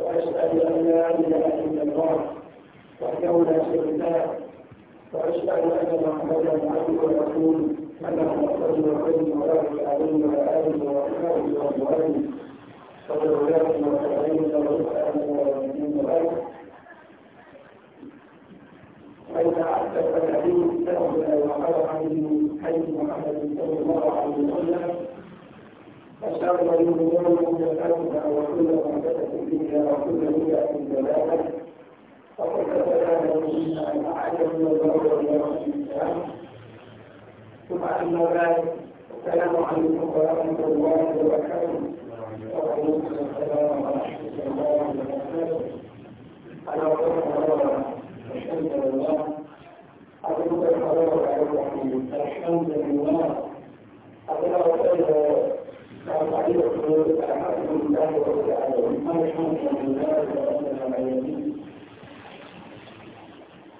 وأشهد أن لا إله إلا الله وحده لا شريك له وأشهد أن محمدا عبده ورسوله أنه خير الخير عليه وآله وأصحابه وأزواجه وذرياته وتابعين وأصحابه فإن أحدث الحديث كتاب وقال عنه حديث محمد صلى الله عليه وسلم أشار الأمور محدثاتها وكل محدثة فيها وكل بدعة ضلالة ثم أما بعد السلام عليكم ورحمة الله وبركاته وعليكم السلام ورحمة الله وبركاته على رسول الله الحمد لله أقول لك الحمد لله أقول لك الحمد لله رب العالمين الحمد لله رب العالمين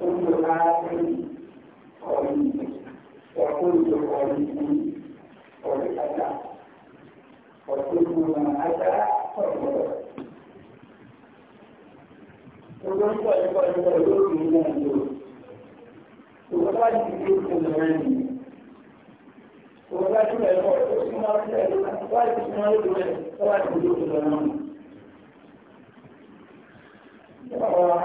كل عاقل قريب وكل قريب قد أتى وكل من أتى فهو Tuhan tak dapat berdoa dengan itu. Tuhan itu dengan ini. Tuhan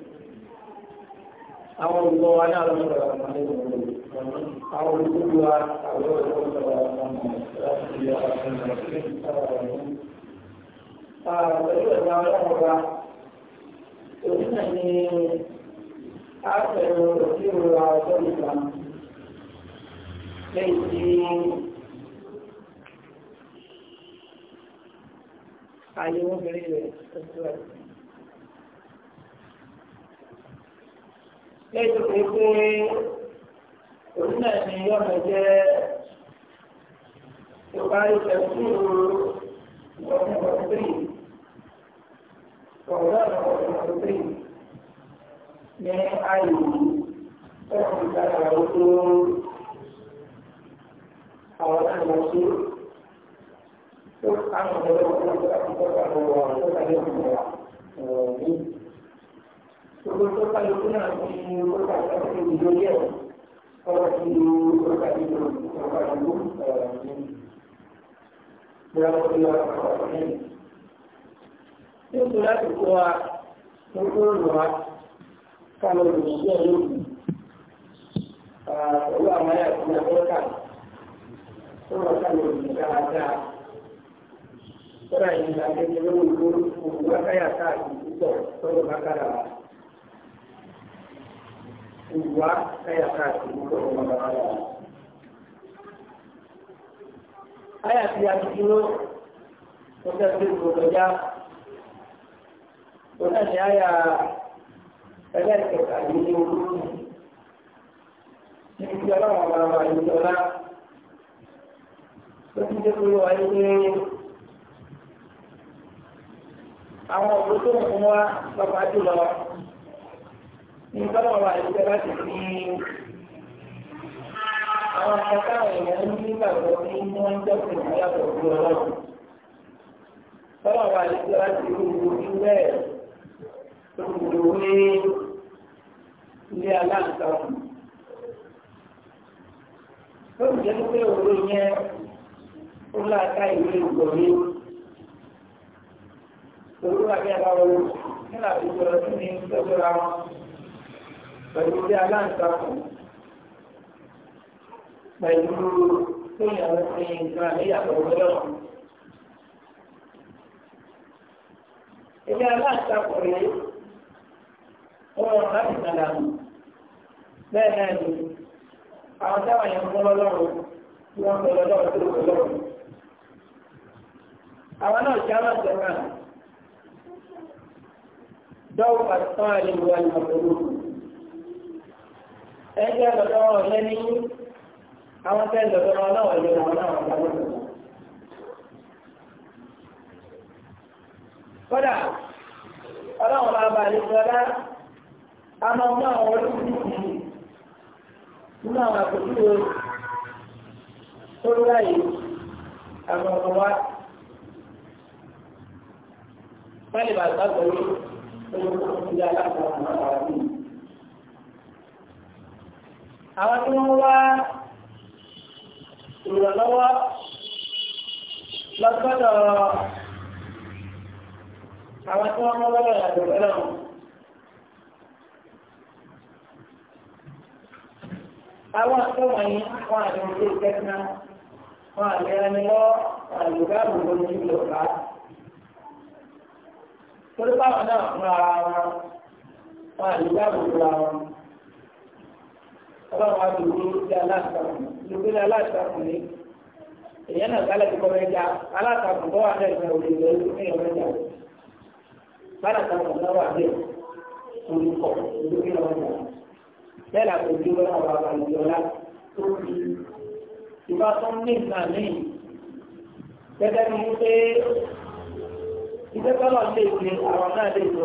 àwọn olùkọ́ wa ní àwọn ọ̀rọ̀ àwọn àlejò àwọn olùkọ́ wa àwọn ọ̀rọ̀ àwọn àlejò Òṣìṣẹ́ ni a fẹ̀rẹ̀ òkè òwúrọ̀ ọjọ́ ìgbà lẹ́yìn tí ayé wọ́n bẹ̀rẹ̀ rẹ̀ lẹ́yìn tó òun náà ni ọmọ jẹ́ ìparí tẹ̀sí ìwọ̀n ọ̀sẹ̀ ọ̀rọ̀ ọ̀sẹ̀ ní ayé ọ̀sẹ̀ ìdára ọ̀tọ̀ àwọn àgbàṣe tó àwọn ọ̀rọ̀ ọ̀sẹ̀ àti ọ̀sẹ̀ àwọn ọ̀rọ̀ ọ̀sẹ̀ àti ọ̀sẹ̀ àwọn ọ̀rọ̀ ọ̀sẹ̀ gbogbo tó kájú tó náà ti ó kájú tó ti ìjọ yẹ ọ̀rọ̀ tí ó kájú tó ó kájú tó ọ̀rọ̀ tí ó kájú tó ọ̀rọ̀ tí nítorí láti kó wa tó tó lò wá ká lọ lò sí ẹ lókun pẹ̀lú àwọn ayé àti àbẹ́ká tó lọ ká lọ lò dáadáa tó rà yìí ní àgbẹ̀jẹ̀ lórí ìlú òwúrọ̀ káyà káàkiri púpọ̀ tó lọ bá kára wá ìwà ẹ̀yà káàkiri lọ́wọ́ ọmọ bàbá rẹ̀. Ayà ti a ti dúró, mo fẹ́ fi gbogbo já. Mo náà ní ayà ẹlẹ́kẹ̀ẹ́ta yìí ní olúkú. Níbi tí ọlọ́run ọba wa yìí lọ́lá. Ó ti dé kúrò wáyé pé àwọn òbí tó ń fún wa lọ́pàá jùlọ ní ìjọba láti fi àwọn ní nígbàgbọ́ ní wọ́n ń jọ́sìn ìyàtọ̀ sí ọlọ́run. sọ́dọ̀ wa ìjọba láti fi ojú bẹ́ẹ̀ tó ń lò ní ilé aláǹtakùn. ó sì jẹ́ pé òru yẹn ó láta ìwé ìgbòmí pẹ̀lú bí aláǹtakùn pẹ̀lú kéèyàn ti nǹkan níyàtọ̀ lọ́wọ́. Ilé aláǹtakùn rèé wọ́n láti nàlà mú. Bẹ́ẹ̀ náà ni àwọn táwọn yẹn ń gbọ́ lọ́wọ́ tí wọ́n ń gbọ́ lọ́wọ́ tó lọ́wọ́ lọ́wọ́. Àwọn náà já máa náà. Dọ́wọ́ àti tán àlejò wa ni àbẹ̀wò ẹgbẹ́ lọ́dọ̀ ọ̀lẹ́ ní àwọn tẹ́ lọ́dọ̀ ọlọ́wọ̀ yóò wọn náà wọ́n lọ́wọ́. kódà ọlọ́wọ́n máa bá àlejò ọlá a máa mú àwọn olùdíje nínú àwọn àpòjúwe tó láyé àwọn ọmọ wa pẹ́ẹ́lí bàtà pẹ̀lú olùkọ́ ìyá aláàbò àwọn tí wọ́n wá ìrànlọ́wọ́ lọ́sọ́dọ̀ àwọn tí wọ́n mọ́ lọ́wọ́ ìrìnàjò náà àwọn tó wọ̀nyí wọn àti ìdí ìtẹ́sínà wọn àti ìrànlọ́ àlùbá àbùkù ní ìlú ọ̀gá torí báwọn náà fún ara wọn wọn àlùbá àbùkù ara wọn ọlọ́run àti òkúrú sí aláàtàkùn lùgbìn aláàtàkùn ni èyàn náà gbálẹ̀ ti kọ́mọ ẹja aláàtàkùn bọ́ wà lẹ́yìn náà òdìbò ẹlú ẹ̀yàn mẹ́ta aláàtàkùn náà wà lẹ́yìn olùkọ́ olùkọ́ ẹ̀yàn mẹ́ta bẹ́ẹ̀ la kò dúró náà wà wà lọ́la tó fi ìbá tó ń ní ìgbà míì gẹ́gẹ́ bí wọ́n pé iṣẹ́ tọ́lọ̀ lè fi àwọn náà lè lò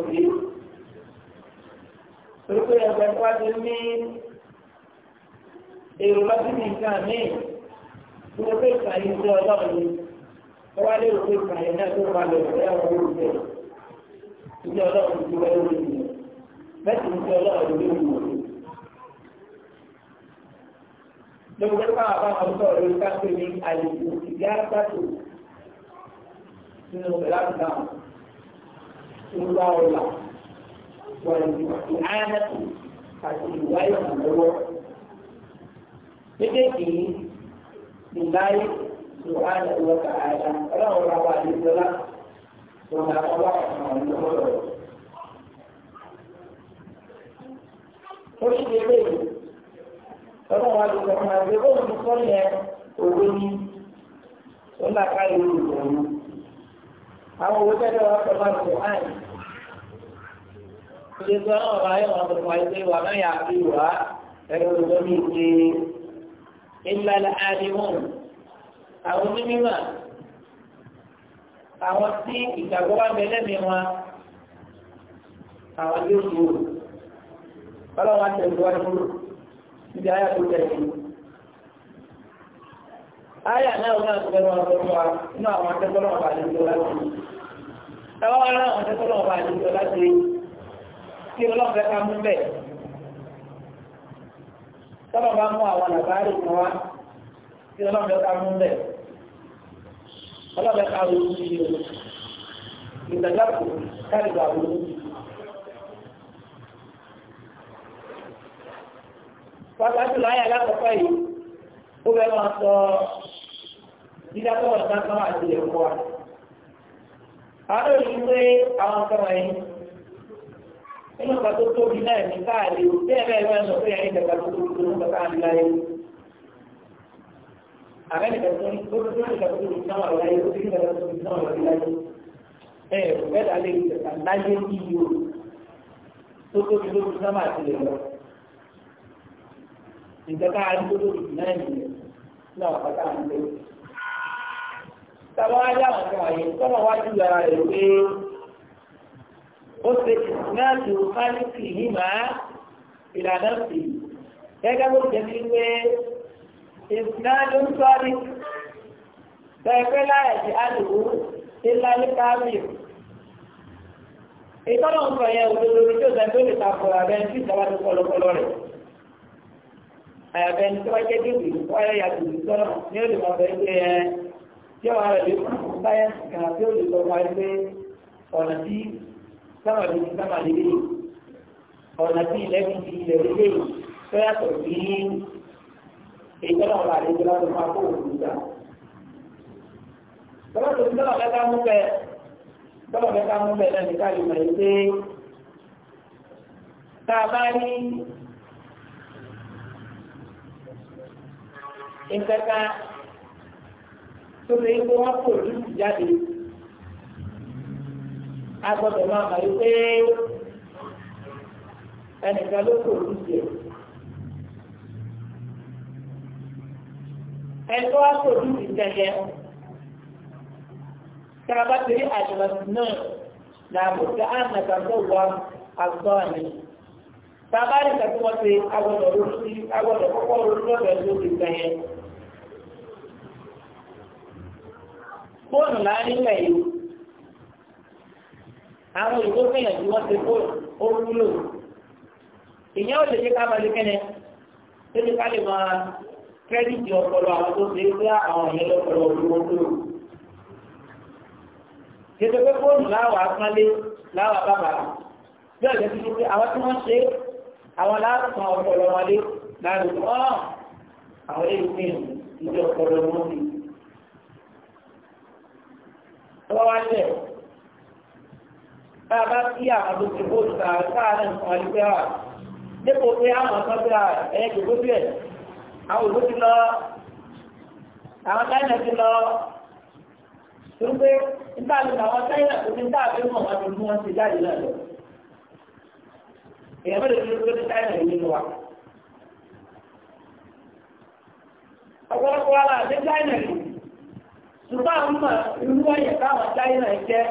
pé pé ẹgbẹ́ èrò bá sí nǹkan míì tí wọ́n fẹ́ kà yín sí ọlọ́run ni wọ́n wá lérò pé kà yín náà tó bá lọ sí àwọn olùfẹ́ ìdí ọlọ́run ti wọ́n lórí mi mẹ́tì ń sí ọlọ́run lórí mi. lórí pé káwọn bá wọn sọ̀rọ̀ lórí káfíń ní àlejò ìyá pàtó nínú ìlànà náà ìwà ọ̀la wà ní àti ìwà ìrànlọ́wọ́. méjèèjì nìbáyé lùhánà ìwọ́ta àyà ọlọ́run bá wà ní ìjọba tó ń bá wà ọ̀nà ìjọba. orí ìdílé yìí ọlọ́run wà ní máa gbé bóun ní sọ́ọ̀lì ẹ̀ òwe ní onílàkà ìlú ìgbòho. àwọn tẹ́lẹ̀ tó wà náà yà á fi wà ìlànà àdìmọ́ àwọn onímọ̀ àwọn tí ìgbàgbọ́ wà bẹ́lẹ́mì wọn àwọn yóò dúró ọlọ́wọ́n àti ẹ̀dùn wọn dúró níbi ayé àti ìjẹ́ ìlú. ayé àná òun náà tẹ̀lé wọn lọ́wọ́ wa nínú àwọn akẹ́kọ̀ọ́ ọ̀bà àdìjọ láti ẹ̀wọ́n náà àwọn akẹ́kọ̀ọ́ ọ̀bà àdìjọ láti kí ọlọ́ọ̀fẹ́ ká mú bẹ́ẹ̀. sábà bá mú àwọn àgbáyé kan wá kí ọlọ́run mú bẹ́ẹ̀ ọlọ́run bẹ́ẹ̀ ká ló ń fi ìdàgbàsó káàdì pàtàkì láyé alákọ̀ọ́kọ́ yìí ó bẹ́ẹ̀ máa sọ àti wa. àwọn olùgbé àwọn nínú ìgbà tó tóbi náà ní káàdì ò bẹ́ẹ̀ bẹ́ẹ̀ bẹ́ẹ̀ sọ pé ẹni ìgbà tó tóbi tó ń bá káàdì láyé. àbẹ́ nìkan tó ní tó tó nìkan tó tóbi náà wà láyé tó tó nìkan tó tóbi náà wà láyé. ẹ ò bẹ́ẹ̀ dà lè ìjọba láyé yíyo tó tóbi tó tóbi náà máa ti lè lọ. ìjọba àti tó tóbi náà nìyẹn náà wà pátá àti lè. tàbá wá yá àwọn ọmọ yẹn tọ́lọ̀ wá ju ara rẹ̀ pé ó ṣe ìsìnláàtì òfáìlìkì yìí máa ìlànà sí gẹ́gẹ́ bó jẹ́ sí pé ìsìnláàtì òfáìlì bẹ̀rẹ̀ láyàjì àdìwò ìlàlẹ́kàábì ìtọ́nà ń sọ yẹn òdodo ní tó sẹ́ńtó lè ta kọ̀ọ̀rọ̀ abẹ́ ní ìjọba tó kọlọkọlọ rẹ̀ àyàfẹ́ ní tó bá jẹ́ débi wáyé yàtọ̀ ìtọ́nà ní ó lè máa bẹ̀rẹ̀ pé ẹ ọ̀nà tí sábà lè fi sábà lè lè ọ̀nà tí ilẹ̀ fi di ilẹ̀ lè lè tó yàtọ̀ sí ìjọba ọ̀la àlejò láti máa kó òkú gbà. Tọ́lá tó ti tọ́lá mẹ́ta mú bẹ́ẹ̀ tọ́lá mẹ́ta mú bẹ́ẹ̀ náà káàdì mọ̀ ẹ́ pé tá a bá rí nǹkan kan tó lè kó wọ́n kó òkú jáde. agbọ́dọ̀ máa mọ̀ yí pé ẹnìkan ló kò ní jẹ. ẹ̀tọ́ àtòjú ìtẹ̀yẹ kàbá tìrí àjọ̀lọ̀tì náà ka ànàkàtọ̀wà àgbọ̀nì. bàbá rẹ̀ kàtí wọ́n ti agbọ́dọ̀ lórí agbọ́dọ̀ kọ́kọ́ lórí lọ́dọ̀ ẹ̀tọ́ ìtẹ̀yẹ. fóònù láàrin lẹ́yìn. àwọn òyìnbó gbìyànjú wọn ti kó ó wúlò ìyẹn ò lè jẹ́ ká máa lé kẹ́nẹ́ tó lè ká lè máa kírẹ́dìtì ọpọlọ àwọn tó ṣe é pé àwọn ìyẹn lọ́pọlọ òdúró tó rò. Gẹ́gẹ́ pé fóònù láwà pánlé láwà bàbà bí ọ̀jẹ́ ti pé àwọn tí wọ́n ṣe àwọn láàrùn ọpọlọ wọn láàrùn ọ̀rọ̀ àwọn èyí pé ìdí ọpọlọ wọn ni. Wọ́n wá lẹ̀ ya a bá sí àwọn tó ti bó ta káàdà nǹkan àdúgbò à dépò pé àwọn kan bí ẹ̀yẹ kò gbóbi ẹ̀ àwọn òbó ti lọ àwọn táyà ti lọ tó pé nígbà tó àwọn táyà tó ti ń dá àbẹ́ mọ̀ wọn mú wọn ti jáde lọ. èèyàn mẹ́rin ló ló ti táyà yìí nínú wa. ọ̀pọ̀lọpọ̀ wa là dé táyà yìí ṣùgbọ́n àwọn ọmọ ìlú ọ̀yẹ̀ káwọn táyà yìí jẹ́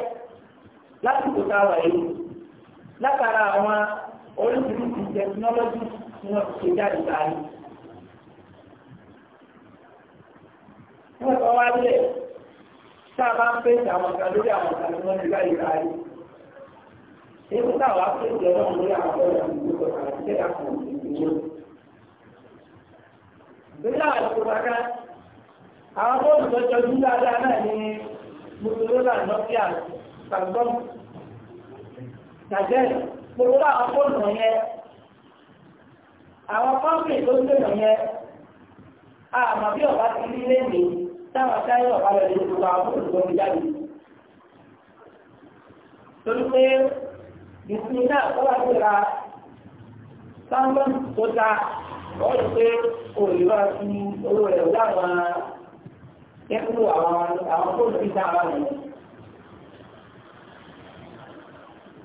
lásìkò táwà yìí látara àwọn oríṣiríṣi tẹkinọ́lọ́jì tí wọ́n ti ṣe jáde láàyè. wọ́n sọ wá lẹ̀ a bá ń pèsè àwọn kan lórí àwọn kan tí wọ́n ti láyè láàyè. èyí pèsè lórí àwọn àwọn jọjú náà sàgbọ́n gàgẹ́ gbogbo àwọn fóònù yẹn àwọn kọ́ńpì tó ń gbèrò yẹn àmọ́ bí ọba ti rí léde táwọn táyà ọba rẹ̀ lè gbogbo àwọn fóònù tó ń jáde torí pé ìsinmi náà tó wà síra sàgbọ́n tó ta wọ́n ti pé òyìnbá fi owó rẹ̀ láwọn ẹkú àwọn fóònù tí ta àwọn nìyẹn.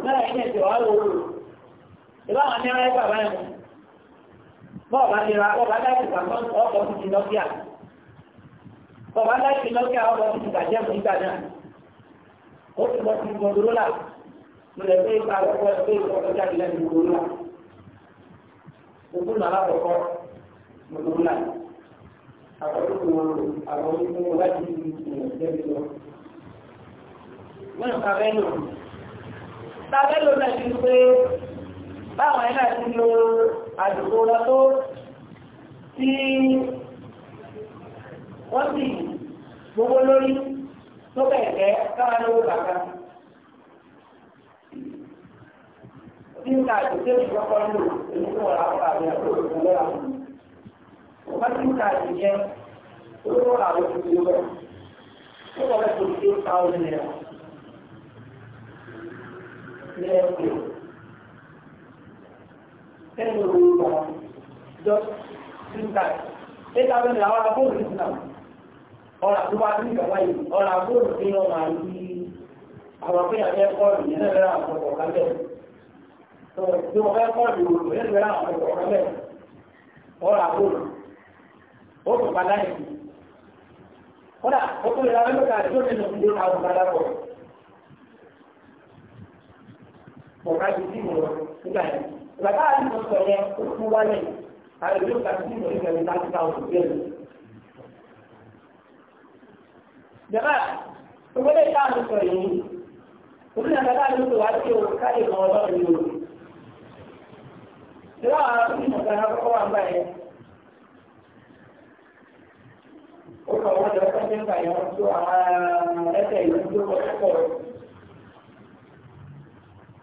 náà ilé ìjọ wà lóòrò ìbá wọn ní ọ̀rẹ́ bàbá ẹ̀mú bọ́ọ̀bá ti ra bọ́ọ̀bá láti pàmọ́ ọkọ̀ ti ti lọ́kíà bọ́ọ̀bá láti lọ́kíà ọkọ̀ ti ti bàjẹ́ mú ìgbà náà ó ti bọ́ sí gbogbo là lulẹ̀ pé ipa ọkọ̀ ẹgbẹ́ ìfọ̀kọ̀ jáde lẹ́nu gbogbo là gbogbo nàlá kọ̀kọ́ gbogbo là àwọn tàbẹ́ ló náà ti pé báwọn ẹ̀nà ti lo àdùkò lọ tó tí wọ́n sì gbogbo lórí tó bẹ̀ẹ̀kẹ́ káwọn lówó bàbá tí ń ta àdùkò ìfọ́kọ́ lò èyí tó wọ́n àwọn àbí àkókò lọ́wọ́ wọ́n ti ń ta àdùkò olówó àwọn òṣìṣẹ́ wọ́n bẹ̀ẹ̀ lẹ́ẹ̀kọ́ ẹnu orúkọ just three times eight thousand naira ọ̀rà fóònù ní sinam ọ̀rà tó bá ní ìgbà báyìí ọ̀rà fóònù ní ọmọ àti àwọn pé àti ẹ̀kọ́ ìyẹn náà rẹ̀ àwọn ọ̀pọ̀ kan bẹ́ẹ̀ tó tí wọ́n fẹ́ kọ́ ìlú ìyẹn rẹ̀ àwọn ọ̀pọ̀ kan bẹ́ẹ̀ ọ̀rà fóònù ó tún padà yìí mo ká ti dìbò lọ nígbà yẹn ìgbà tá a dìbò sọ yẹn ó fún wálẹ̀ àlejò yóò ká ti dìbò nígbà yẹn láti ká òkú bẹ́ẹ̀ lọ. jẹ́nà ìwọlé tá a lè sọ yìí òbí náà tá a lè sọ wá sí o ká lè mọ ọlọ́run yìí o. ìlú àwọn akéwì mọ̀tàn akọ́kọ́ wà ń bá yẹn. ó kọ̀ wọ́n jọ sọ́jọ́ ń bá yẹn tó àwọn ẹsẹ̀ ìlú tó kọ́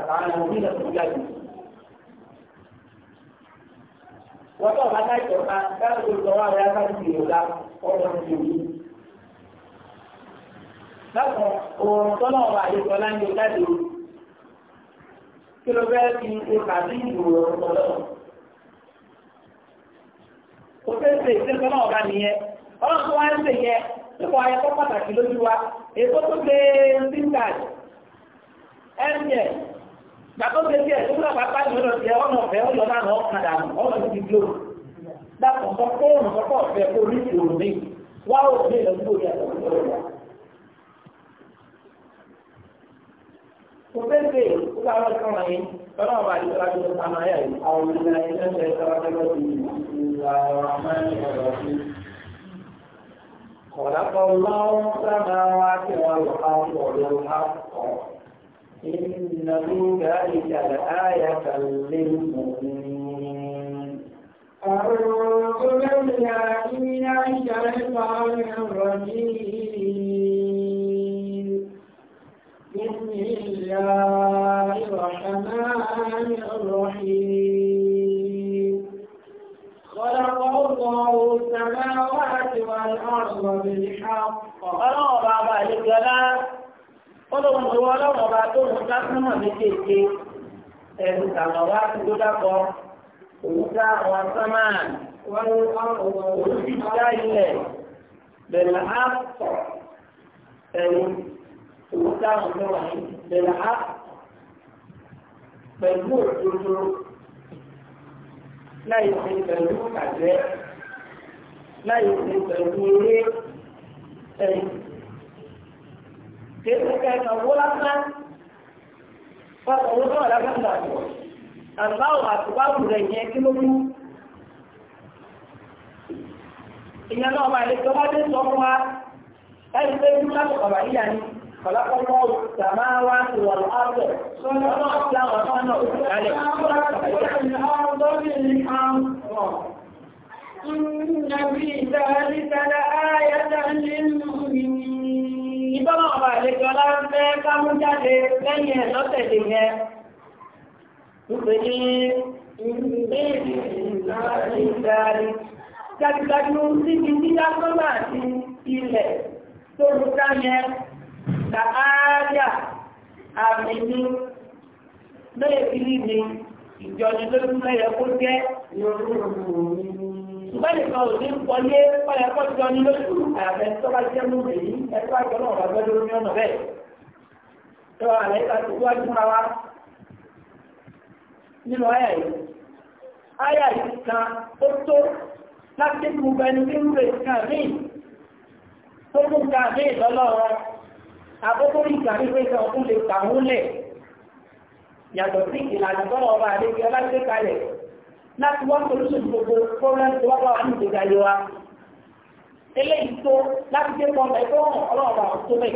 àtàwọn ọmọ ìlú wọ́n tó ọ̀gá láì tọ́ka dáhùn tó sọ wá rẹ̀ láti fi ọ̀rọ̀ ti wù. lákàn òun kí ló fẹ́ fi ipa sí kò náà ọ̀gá nìyẹn tó wá ń yẹ nípa pàtàkì lójú wa èso tó gbé e Gbàtọ́ ṣe tí ẹ̀ tó gbà pápá ní ọ̀dọ̀ tí ọ̀nà ọ̀fẹ́ ó yọ lánàá ọ̀kadà ọ̀nà ti gbó. Dàpọ̀ sọ fóònù sọ́kọ̀ ọ̀fẹ́ orí ìṣòro mi. Wá ó gbé lọ sí orí àtọ̀kọ̀ ọ̀rọ̀. Kò fẹ́ ṣe ó bá wọn sọ̀rọ̀ إن في ذلك لآية للمؤمنين أعوذ بالله من الشيطان الرجيم بسم الله الرحمن الرحيم خلق الله السماوات والأرض بالحق. أنا بابا لك ọlọ́run tó wọ́n lọ́wọ́ ọba tó ń dá sánmà méjèèjì ẹ̀rù tàwọn wá tó dákọ̀ òun àwọn sánmà òun dá ilẹ̀ bẹ̀rẹ̀ àpọ̀ ẹ̀rù òun àwọn mẹ́wàá bẹ̀rẹ̀ àpọ̀ pẹ̀lú òdodo láì ṣe pẹ̀lú àjẹ́ láì ṣe pẹ̀lú eré ẹ̀yìn kéèkó kẹta owó lásán fọ́tọ̀ owó tó wà lásán gbà tó àtúbáwò àtúbáwò rẹ̀ yẹn kí ló mú ìyẹn náà máa lè tọ́lá dé sọ fún wa ẹni pé kí lásán bàbá yíyá ni kọ̀lákọ́kọ́ sàmá wá sí wọn sọ́nà náà sí àwọn ọmọ náà ó sì kálẹ̀ ìtọ́nà ọba àlejò ọlárúfẹ́ kámújáde lẹ́yìn ẹ̀ lọ́tẹ̀lẹ̀ yẹn ń pè ní ìgbéèrè ìdárí dájúdájú níbi dídá sọ́nà àti ilẹ̀ tó rúdá yẹn làáyà àmì ní bẹ́ẹ̀ fi ní ìjọ́ni lórí mẹ́yẹ kó jẹ́ ìrọ̀rùn ṣùgbọ́n nìkan ò ní wọlé ọ̀yà pọ̀ jọ ní lóṣù àyàfẹ́ tó bá jẹ́ lóde yìí ẹ̀tọ́ àjọ náà wà gbọ́dọ̀ ní ọ̀nà bẹ́ẹ̀. tó àlẹ́ ìta tó wájú fúnra wa nínú àyà yìí àyà yìí kan ó tó láti mú bẹni ní rúre kan míì tó mú kan míì lọ́lọ́rọ̀ àkókò ìgbà wípé kan ó lè kà ń lẹ̀ yàtọ̀ sí ìlànà tọ́lọ̀ ọba àdébíọ́lá gbé kalẹ̀ láti wá solution gbogbo problem tó wá wà ní ìgbéga yìí wa eléyìí tó láti dé pọn ẹ tó hàn ọlọ́ọ̀bà tó bẹ̀.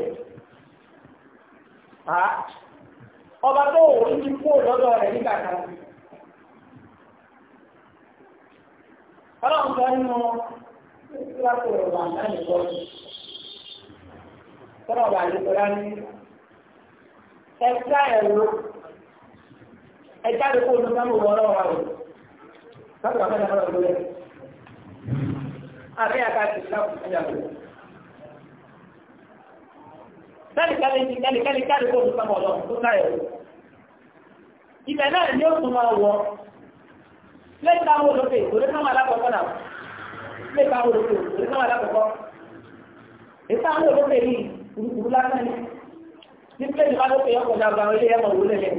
ọba tó wò ó ti kú lọ́dọ̀ rẹ̀ nígbà kan. ọlọ́run sọ nínú kíláàsì rẹ̀ wà láì lọ tọ́lọ̀ wà lẹ́kọ̀ọ́lá ní ẹ̀ka ẹ̀rọ ẹ̀ka ẹ̀kọ́ olùdámọ̀ wọ́ọ́rọ́ wa rẹ̀. Sábà máa ń bá ọ̀rọ̀ lẹ́yìn. Àárín àkáàtì ìṣàkùn ìyàwó. Kẹ́lìkẹ́lì ti kẹ́lìkẹ́lì káàdì kó fi sọmọ lọ tó káyọ̀. Ibẹ̀ náà ni ó tún máa wọ. Lẹ́yìn táwọn olókè, òde sáwọn alákọ̀ọ́kọ́ náà. Lẹ́yìn táwọn olókè, òde sáwọn alákọ̀ọ́kọ́. Èyí táwọn olókè yìí, kùrùkùrù lásán ni. Ní pé ìbálòpọ̀ yọkọ̀ dàgbà ilé ẹ̀mọ̀ wò lẹ́yìn.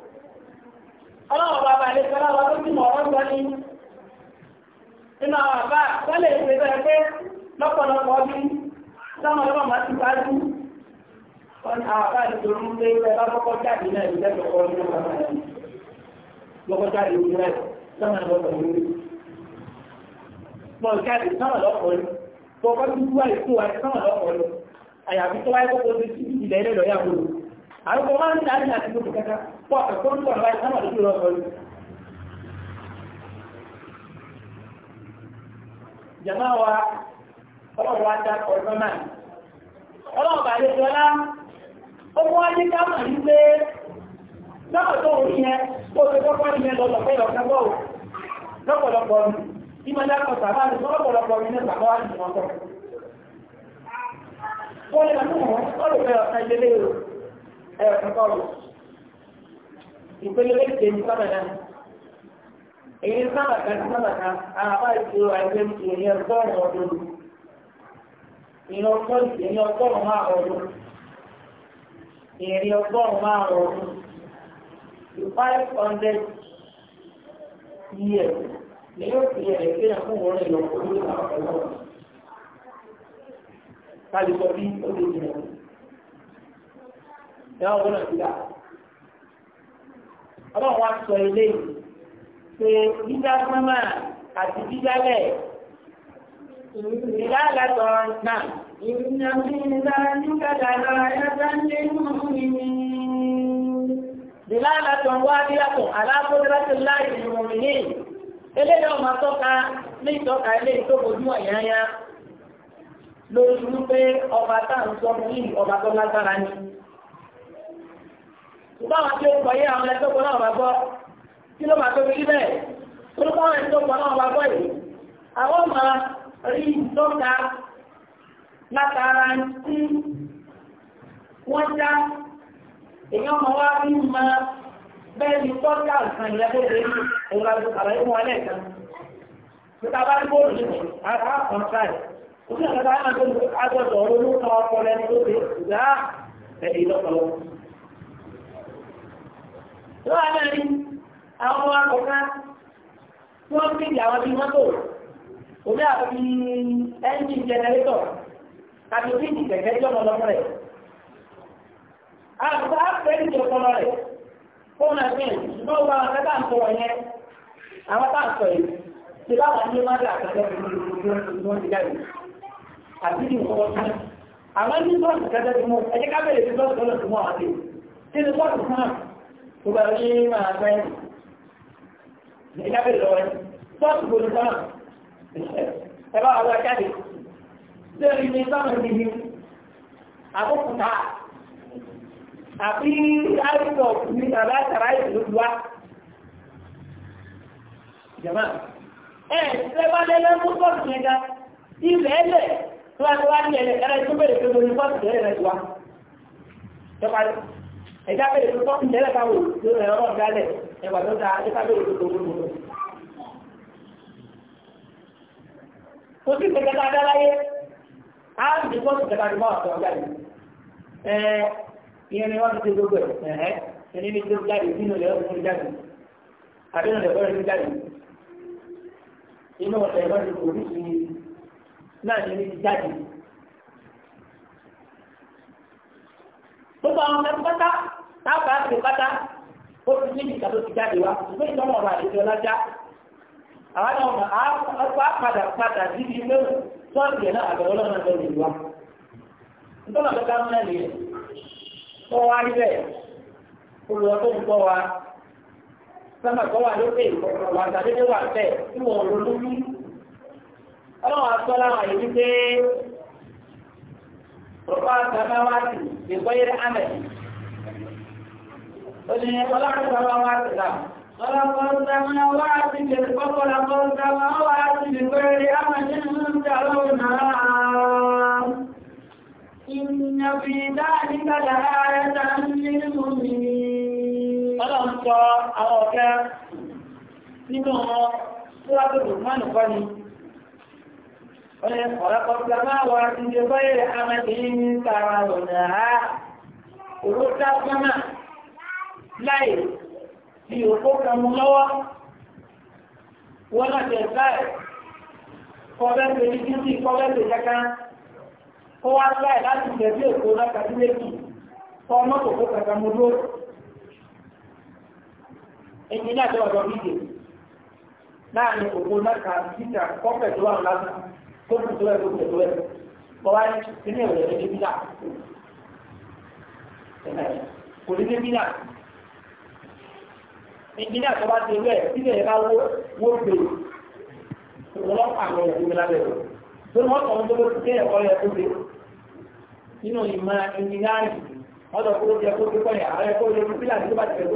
ọlọ́wọ́ bàbá ilé fẹ́ láwọn tó ti mọ̀ ọ̀rọ̀ sọ ní nínú àwọn àbá sọ́lẹ̀ ìpè bẹ́ẹ̀ pé lọ́pọ̀lọpọ̀ bí sáwọn ọlọ́wọ́ máa ti bájú ọrụ ni àwọn àbá ìdòrò ń gbé ilẹ̀ bá kọ́kọ́ jáde náà ìlú ní lọ́kọ́ jáde ìlú rẹ̀ ìlú jáde wa àyàfi tó wáyé pọ̀tẹ̀ tó ń tọ̀ láì sánà ká mà ní pé lọ́pọ̀ tó ń yẹn kó tó tó pọ́n yẹn lọ́lọ́ pé lọ́pọ̀ bọ́ lọ́pọ̀lọpọ̀ ni bí mo dákọ̀ sàbá ni wá ní ìmọ̀tọ̀ wọ́n lè ìpele méje sábà náà èyí sábà kan sábà kan àbá ìṣòro àìsàn ti èyí ọgọ́rùn ọdún ìran ọgọ́rùn-ún èyí máa ọdún èyí ọgọ́rùn máa ọdún five hundred years ni yóò fi ẹ̀rẹ̀ sí ẹ̀kún wọn lè lọ orí àwọn ọ̀rọ̀ ká sọ bí ó lè jìnnà. Ìyá ọ̀gbọ́n náà ti dà ọlọ́run wá sọ ilé yìí pé jíjá sánmà àti jíjálẹ̀ ìlà àlàtọ̀ náà ìrìnàmí ìlà nígbàdàrà ẹ̀dá ní mímí. ìlà àlàtọ̀ wá bí látọ̀ aláàbòdìláṣẹ láì ìrìnàmí yìí eléyìí ọmọ tọ́ka ní ìtọ́ka eléyìí tó bojú ọ̀yáyá lórí wípé ọba táà ń sọ fún ọba tó ni ṣùgbọ́n àwọn tí ó kọ̀ yé àwọn ẹni tó kọ̀ náà wà gbọ́ kí ló máa tóbi síbẹ̀ orúkọ àwọn ẹni tó kọ̀ náà wà gbọ́ yìí àwọn máa rí ìtọ́ka látara tí wọ́n já èèyàn máa wá rí ma bẹ́ẹ̀ ni tọ́ka nǹkan ìrẹ́pọ̀ lórí òun la ṣàlàyé fún wọn lẹ́ẹ̀kan nípa bá rí bóòlù nìkan ara kan ṣáì òun náà lọ́ta á máa tó agbọ́dọ̀ ọ̀rọ̀ ló kan ọpọlọ ẹni tó ṣe ìgbà ẹ̀ ìlọ́pọ̀lọpọ̀ láàárín àwọn ọmọ akọ̀ká tí wọ́n fi àwọn bí mọ́tò òbí àti ẹ́ńjìn jẹnẹrétọ̀ àti òbí kẹ̀kẹ́ jọmọ lọ́mọ rẹ̀. àgbà fẹ́ẹ́ jẹ ọpọlọ rẹ̀ fóun náà fi ṣùgbọ́n ó bá wọn kẹ́kẹ́ àǹtọ̀ wọ̀ yẹn àwọn tá à ń sọ yìí ti láwọn ní má dà kẹ́kẹ́ bí wọ́n ti jáde àti ní nǹkan ọ̀sán. àwọn ní bọ́ọ̀sì kẹ́kẹ́ tí mo ẹ̀jẹ̀ ká bẹ̀rẹ̀ sí bọ́ọ̀sì lọ́nà tí mo àwọn gbogbo àwọn yìí máa fẹ́ ìyábẹ̀ lọ rẹ̀ tọ́ọ̀tù gbòòrò sáà ẹ bá wà jáde lórí ní sáà nìyí àkókò náà àbí àìsàn ní àbá àtàrà ìṣèlú wa jama ẹ ṣe bá lé lẹ́nu tọ́ọ̀tù yẹn ga ilẹ̀ ẹlẹ̀ tó wá ní wá tó bẹ̀rẹ̀ tó lórí tọ́ọ̀tù yẹn rẹ̀ wá ẹ̀dá bẹ̀rẹ̀ tó tọ́ ìjẹ́lẹ̀ káwò ló rẹ̀ ọ̀rọ̀ dálẹ̀ ẹ̀wà tó da ẹ̀dá bẹ̀rẹ̀ tó tó gbogbo. kò sí ìpèkè tá a ń bí kó ìpèkè tá a dá ọ̀gá yìí. ẹ ìyẹn ni wọ́n ti ṣe gbogbo ẹ̀ ẹ̀hẹ́ ẹni ní tó jáde nínú ilẹ̀ ọ̀sẹ̀ tó jáde àbí nínú ilẹ̀ ọ̀sẹ̀ tó jáde inú ọ̀sẹ̀ ìwọ́n ti kò gbogbo àwọn ọmọ pátá táàbà àti pátá ó ti ní ìkàtó ti jáde wá ṣùgbọ́n ìtọ́mọ̀ ọ̀rọ̀ àdéjọ lájá àwọn ọmọ ọ̀pá padà padà síbi ilé nítorí àwọn wá tó ń gbọ́ wa kọ́ lókè wà tàbí wà bẹ́ẹ̀ tí wọ́n ọlọ́run àtọ́lá رفع السماوات بغير عمل خلق السماوات خلق السماوات خلق السماوات بغير عمل ترونها إن في ذلك لآية للمؤمنين خلق السماوات nínú ọmọ tí wá tó lò mọ́nù kọ́ ni خلق السماوات بغير عمل ترونها رؤوس السماء ليل في رؤوس الله ولا تزال kọ́lẹ́ tẹ̀lé títí kọ́lẹ́ tẹ̀lé kẹ́kẹ́ kó wá láì láti tẹ̀lé èkó lákàtí méjì kọ́ mọ́tò kó kẹta mú ló ẹni láti ọ̀dọ̀ méje láàrin òkú mẹ́ta títà kọ́pẹ̀ tó wà lásán kó kù tó ẹ̀ kó kù tó ẹ̀ kọ́ wáyé nínú ìrọ̀lẹ́ ní bíbí náà kò ní bíbí náà ìjìnlẹ̀ àti ọba ti rẹ̀ sílẹ̀ yẹn bá wó gbèrè ọlọ́pàá àwọn ẹ̀kọ́ mi lábẹ́ rẹ̀ tó wọ́n tọ̀ ń tó ti dé ẹ̀kọ́ yẹn tó dé nínú ìmọ̀ ìjìnlẹ̀ wọ́n tọ̀ kó jẹ kó tó kọ́ yẹn ààrẹ kó lè fílà tó bá ti fẹ̀ tó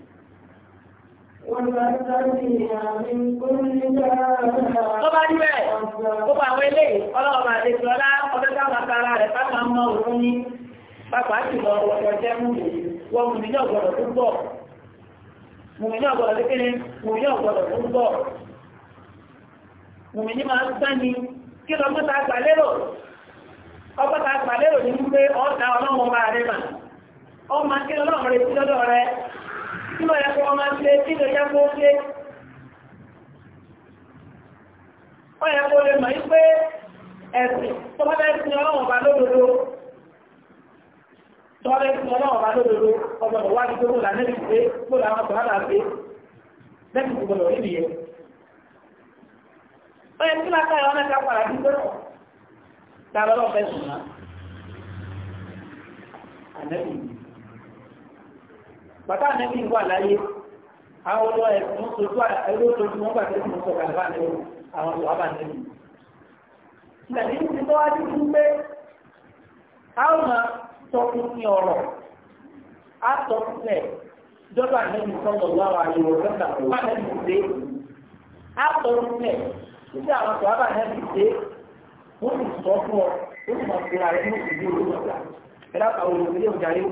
Tó bá rí bẹ́ẹ̀, gbogbo àwọn ilé ọlọ́ọ̀bà àdéjọ ọlá ọdọ́ táwọn akara rẹ̀ bá máa òun ní pápá sì lọ ọ̀rọ̀ jẹ́ mú ní ọ̀gbọ̀dọ̀ tó ní tó kéré, ní bọ̀. máa ń ni kí lọ tí wọ́n yẹ kó wọ́n máa ṣe tí lọ́jọ́ kó ṣe wọ́n yẹ kó lè mọ̀ yí pé ẹ̀sìn tó bá bẹ́ẹ̀ sin ọlọ́wọ̀n bá lódodo tó bá bẹ́ẹ̀ sin ọlọ́wọ̀n bá lódodo ọgbọ̀n wá ní gbogbo lànà ní pé kó làwọn tó hádà pé lẹ́yìn bàtà nẹ́bí wà láyé àwọn ẹ̀kùn sojú ẹ̀rọ sojú gbà tẹ́lẹ̀ mọ́sọ̀ kàlùbà ní àwọn ọ̀rọ̀ àbá nẹ́bí. Ìgbàdí ti tọ́ wájú fún pé a ó máa ní ọ̀rọ̀ nẹ́bí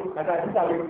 àwọn nẹ́bí sí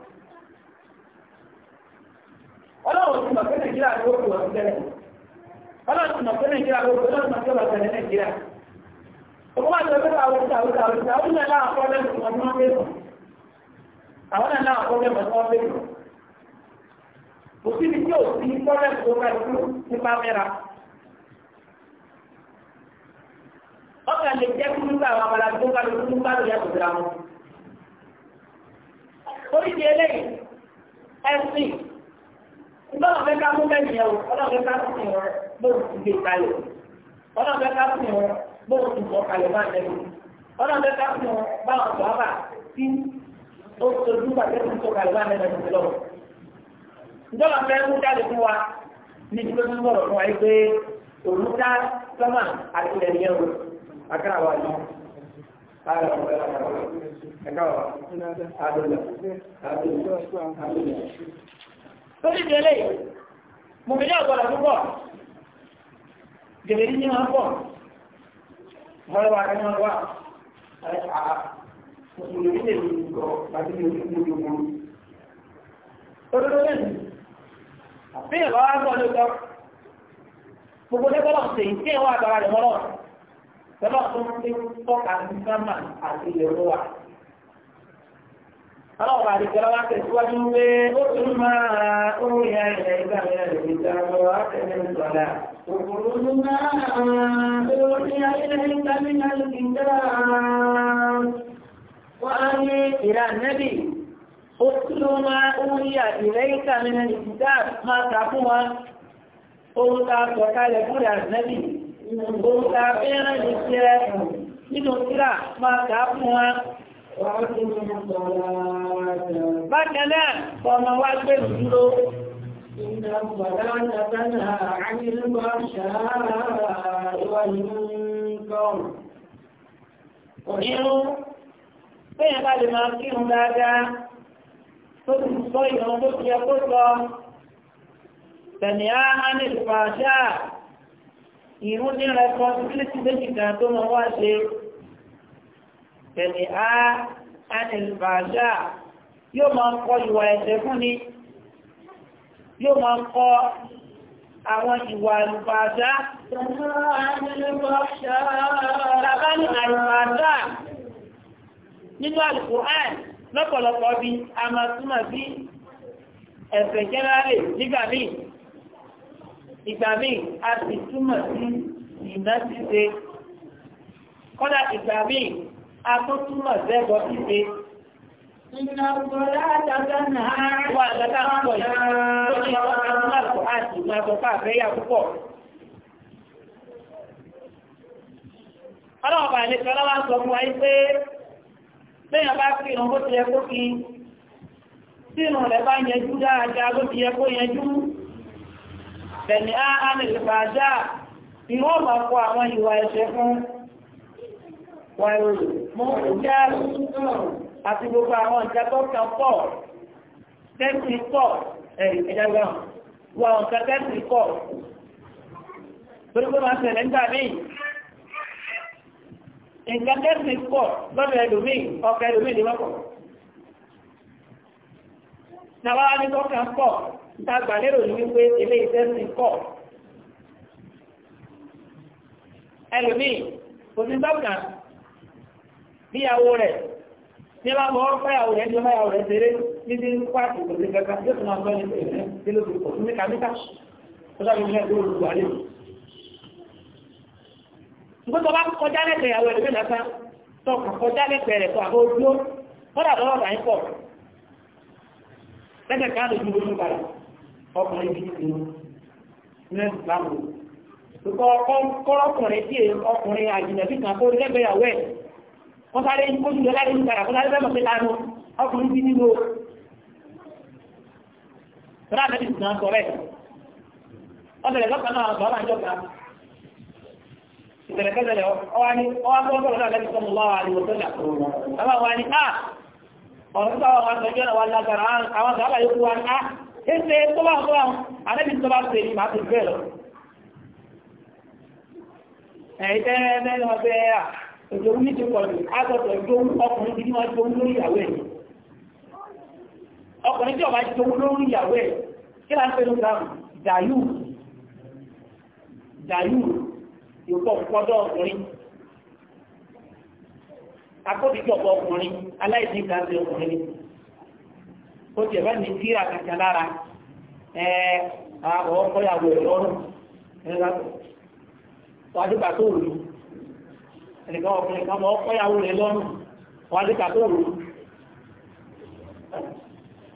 ọlọ́run ti mọ̀ pé nàìjíríà ló kù ọ̀sùn tẹ́lẹ̀ ọlọ́run ti mọ̀ pé nàìjíríà ló kù ọlọ́run ti mọ̀ pé nàìjíríà òkúmọ̀ tó pé àwọn ìta òta òta ó nílẹ̀ láwọn pọ́lẹ́mù tí wọ́n máa ń bẹ̀rù àwọn náà láwọn pọ́lẹ́mù tí wọ́n bẹ̀rù kò síbi tí ò sí pọ́lẹ́mù tó ká ikú nípa mẹ́ra ọkà lè jẹ́ kí nípa àwọn abala tó ká lóko tó ká lóko yàtọ̀ síra wọn. oríṣi eléyìí ẹ̀sìn Ìgbọ́dọ̀ fẹ́ ká fún mẹ́rin yẹn o, ká fún yẹn bóòlù ti bọ̀ kalẹ̀ máa lẹ́nu. Ọlọ́run ká fún yẹn báwọn sọ ábà tí ó sojú pàṣẹ tó kalẹ̀ máa lẹ́nu ti lọ. fẹ́ mú jáde fún wa ní ìdílé tó ń bọ̀rọ̀ fún wa yìí òun dá sọ́mà àti ẹ̀yẹ o, àkàrà wà yìí. Ẹ̀ka wà. Adúlọ̀. Adúlọ̀. Adúlọ̀ lórí ìdílé mùmìnà ọ̀gbọ̀dọ̀ púpọ̀ ní máa pọ̀ wọ́n ní wọ́n wá mùsùlùmí lè ní ìgbọ̀ láti ní ojú ojú ojú ń kí ń tọ́ka ní sánmà àti ilẹ̀ olówà ọlọ́pàá àti ìjọba tẹ̀síwájú pé ó tún máa ń yẹ ilẹ̀ ìgbà mìíràn lè ta lọ́wọ́ tẹ̀lé ìtọ́lá. Òkùnrin náà ó ní ayẹyẹ ìgbà mìíràn lè ta wọ́n á ní ìrà nẹ́bì. Ó tún máa ń yẹ ilẹ̀ ìgbà mìíràn lè ta máa ta fún wa. Ohun ta sọ kalẹ̀ fún ìrà nẹ́bì. Ohun ta fẹ́ràn lè ṣe nínú kíra máa ta fún wa. Bákanáà, ọmọ wá gbé dúró. Ìrún, péyàn bá lè máa kírun dáadáa, tó ti sọ ìrún tó ti ẹkó sọ, tẹ̀lẹ̀ á ní ìpàṣà, ìrún ní rẹ̀ kan sí lè ti méjì kan tó mọ wá ṣe tẹ̀lé á ánìlbàṣà yóò máa kọ ìwà ẹ̀ṣẹ̀ fún ni yóò máa kọ àwọn ìwà àlùbàṣà tàbá ní àlùbàṣà nínú Al-Qur'an lọ́pọ̀lọpọ̀ bí a máa túmọ̀ sí ẹ̀ṣẹ̀ jẹ́rẹ́rẹ́ nígbà míì ìgbà míì a sì túmọ̀ sí ìná ṣíṣe kọ́dà ìgbà míì akótúmọ̀ sẹ́gbọ́ ìpé. Iná gbọ́dá àtàkà fẹ́ lọ́wọ́ sọ fún pé lẹ́yìn bá fi bó ti yẹ kí tí ìrun rẹ̀ bá yẹjú dáadáa bó ti yẹjú. Bẹ̀ni ìwọ́n kọ àwọn ìwà fún. mú ìjà àti gbogbo àwọn ìjà tó kàn pọ̀ tẹ́sí pọ̀ ẹ̀jẹ̀ gbọ́n wọ àwọn nǹkan tẹ́sí pọ̀ torí pé máa ṣẹlẹ̀ nígbà míì nǹkan tẹ́sí pọ̀ lọ́dọ̀ ẹlòmíì ọkọ̀ ẹlòmíì ni wọ́n pọ̀ nàwa ni tó kàn pọ̀ níta gbàlérò ní wípé ilé ìtẹ́sí pọ̀ ẹlòmíì kò sí sọ́kàn. níyàwó rẹ̀ ní bá mọ́ fẹ́yàwó rẹ̀ ní ọmọ rẹ̀ tẹ́rẹ ní ti ń pàtì kò sí kankan yóò tún máa gbọ́ ní ẹ̀rẹ́ tí ló ti pọ̀ sí mẹ́ta mẹ́ta tó sábẹ́ mi náà tó olùkọ́ àlẹ́ ṣùgbọ́n bá kọjá ìyàwó tó kọjá rẹ̀ tó lọ́wọ́ pọ̀ wọ́n sáré kójú láti ìgbàrà fún láti mọ̀ pé lánà ọkùnrin bí nílò rárá ìjòwú ní ti pọ̀jù agbọ́dọ̀ ìjòwú ọkùnrin tí wọ́n jòwú lórí ìyàwó ẹ̀ ọkùnrin tí ọba jòwú lórí ìyàwó ẹ̀ kí láti pẹ̀lú gbàmù dàyù dàyù yòókọ̀ ọkùnrin akọ́bíjọpọ̀ ọkùnrin aláìsí ọkùnrin ó jẹ́ ẹnìkan ọkùnrin kan mọ́ ọkọ́yàwó rẹ̀ lọ́nà wọ́n ti kàtó rò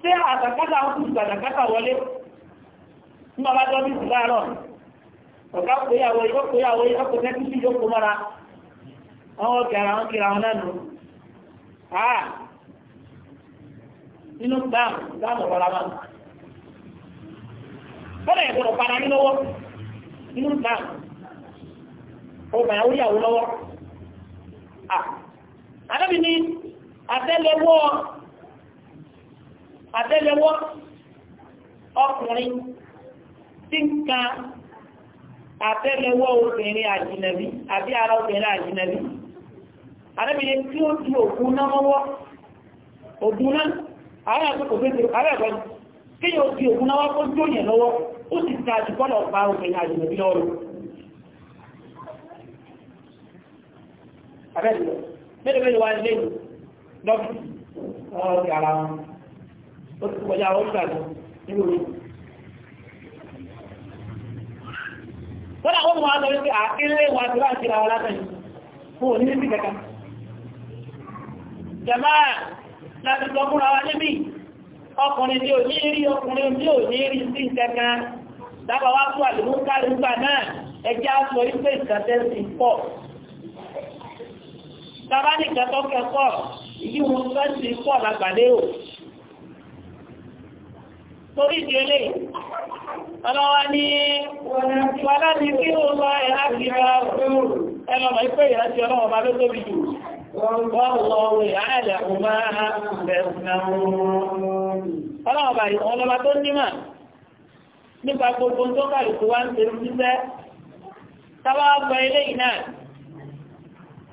ṣé àtàkátà ń kùn àtàkátà wọlé ní ọba tó ní sí láàárọ̀ ọ̀gá kóyàwó ìkókóyàwó ìkókó tẹ́tí sí ìjókòó mọ́ra àwọn ọ̀gá ara wọn kiri àwọn náà nù áà nínú gbàm gbàm ọ̀rọ̀ àwọn bọ́lá ẹ̀kọ́ ọ̀pára nínú lọ́wọ́ nínú gbàm ọ̀gbà ìyàwó lọ́wọ́ Ah. àdábì ni àtẹ́lẹwọ́ àtẹ́lẹwọ́ ọkùnrin tí ń ka àtẹ́lẹwọ́ obìnrin àjìnàbí àbí ara obìnrin àjìnàbí àdábì ni tí ó ti òkun náà mọ́wọ́ òkun náà àwọn àtọ́kò fẹ́ kí o di òkun náà wá jóyẹ̀ lọ́wọ́ ó sì ta àjùkọ́lọ̀ pa obìnrin àjìnàbí lọ́rùn abẹ́lẹ̀ mẹ́lẹ̀ mẹ́lẹ̀ wá ilé ìlú lọ́pù àwọn ọ̀rẹ́ ara wọn ó ti kọjá ó gbàgbọ́ nínú orí kọ́lá ó mọ̀ àtọ́ wípé àkílé wa ti láti ra wọn látàrí fún òní níbi kẹta jàmá láti sọ fún àwọn níbi ọkùnrin tí ò ní rí ọkùnrin tí ò ní rí sí ìtẹ́ka dábàá wá fún àlùmú kárí gbà náà ẹjẹ́ á sọ wípé ìtàtẹ́sì pọ̀ tàbá nìkan tó kẹ́kọ̀ọ́ ìyí wọn fẹ́ sí pọ̀ lágbàlérò torí di ilé ọlọ́wà ní wọ́lá ní kí ó lọ ẹ̀lá kí ó ẹlọ́mọ̀ ipé ìrántí ọlọ́wọ̀ bá ló tóbi jù ọlọ́wọ̀ tó nímọ̀ nípa gbogbo tó kàrùkú wá ń tẹ̀lú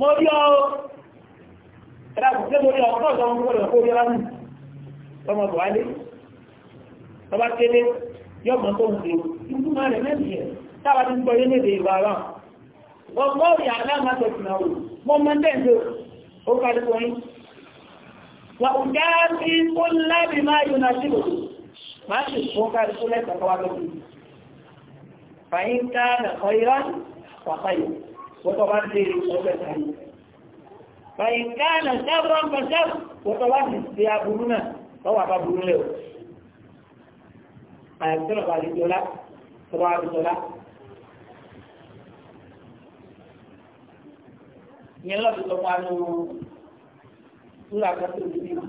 mo rí ọ ẹ̀dàkùn lẹ́mọ̀rí ọkọ̀ ọ̀sán gbọ́dọ̀ kó yẹ lánàá ọmọ buhari ọba kéré yọ mọ tó ń pè ìlú máa rẹ̀ mẹ́rin yẹn táwa ti ń gbọ́ yélédè ìwà rà ọgbọ́ rí aláàmà tó ti náà mo mọ dẹ́ẹ̀dẹ́ ó kárí wọn wà ó dá sí kó lábì وطبعا فإن كان شرا فشر وطبعا سيابرنا طبعا بابرنا له أيضا بعد الدولة طبعا الدولة يلا بطبعا سورة كتب الدين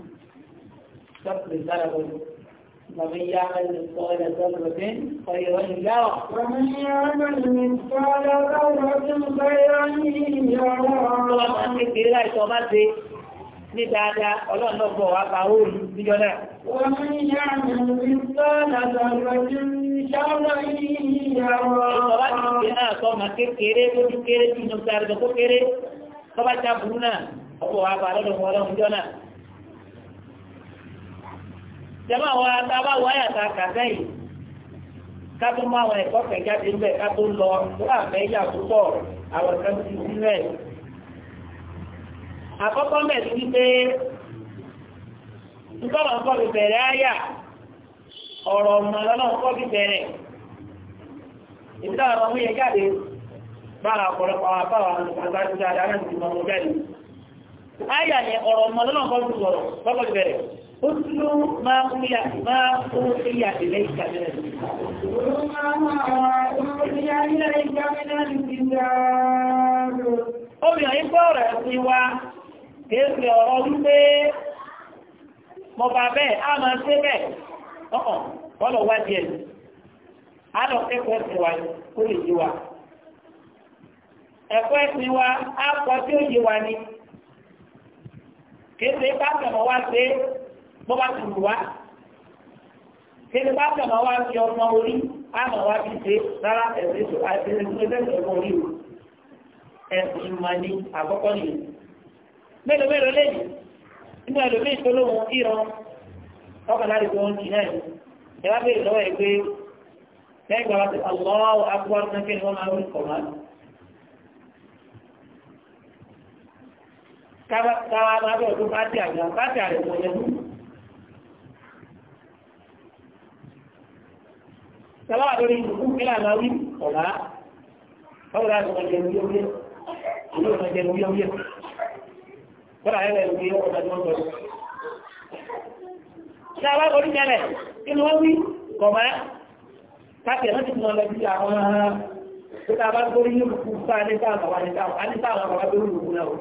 كتب رسالة ومن يعمل مثقال ذرة خيرا يره ومن يعمل مثقال ذرة خيرا يره ọmọ kékeré láìsọ bá ní dáadáa ọlọ́run náà bọ̀ wá pàwó òru náà. wọ́n ní ìyá ní sọ́ọ̀nà lọ́rọ̀ ìṣàlọ́ yìí yà wọ́n. ìṣọ̀bá ti ṣe náà náà jẹ́mọ́ àwọn atábá wáyà ta kàtẹ́ yìí ká tó mú àwọn ẹ̀kọ́ kan jáde ń bẹ̀ ká tó lọ tó àfẹ́ yà púpọ̀ àwọn kan ti sílẹ̀. àkọ́kọ́ mẹ́rin wípé nítorí ọkọ̀ mi bẹ̀rẹ̀ áyà ọ̀rọ̀ ọ̀nà lọ́nà ọkọ̀ mi bẹ̀rẹ̀ ìbílẹ̀ ọmọ mú yẹ jáde bára ọ̀pọ̀lọpọ̀ àwọn apá àwọn àgbàjúdá adáná ti mọ̀ mọ́ jáde. áyà ni ọ̀rọ̀ ọ̀nà lọ́nà ọkọ̀ mi bẹ̀rẹ̀ اتل ما أوحي ما أوحي إليك من الكتاب obìnrin ọ̀rọ̀ wípé mo bà bẹ́ẹ̀ á máa ṣe bẹ́ẹ̀ ọ̀hàn wọ́n lọ wá díẹ̀ á lọ kẹ́kọ̀ọ́ ẹ̀sìn wa kó lè yé wa ẹ̀kọ́ ẹ̀sìn wa á kọ́ tí ó wa ni bó bá ti wù wá kéde bá tẹ̀ máa wá sí ọmọ orí àmọ̀ wá fi ṣe rárá ẹ̀sìn tó àti ẹ̀sìn ọmọ orí o ẹ̀sìn ìmọ̀ ni àkọ́kọ́ nìyẹn mélòó mélòó lẹ́yìn nínú ẹlòmíì tó lóhun ìran ọkàn láti fi ohun jìnnà yìí ẹ wá bèèrè lọ́wọ́ ẹ pé lẹ́yìn ìgbà wàtí Allahu akbar náà kí ni wọ́n máa ń kọ̀ máa. káwa bẹ̀rẹ̀ tó bá tẹ̀ àgbà bá tẹ̀ àrẹ̀ wọ̀nyẹ́ fún mi. sábà lórí ìdùkú kílà máa wí ọ̀la báwo la sọ̀rọ̀ jẹun bí ọmọdé ìlú ọ̀nà jẹun bí ọmọdé bọ́lá ẹ̀rẹ̀ ìwé ọ̀nà tí wọ́n sọ̀rọ̀. sábà lórí jẹlẹ̀ kí ni wọ́n wí kọ̀mọ́ káàkiri ẹ̀rọ ti mọ̀ lọ sí àwọn tó tá a bá gbórí ní ìlú fún anita àwọn anita àwọn anita àwọn àwọn abẹ́rù ìlú náà o.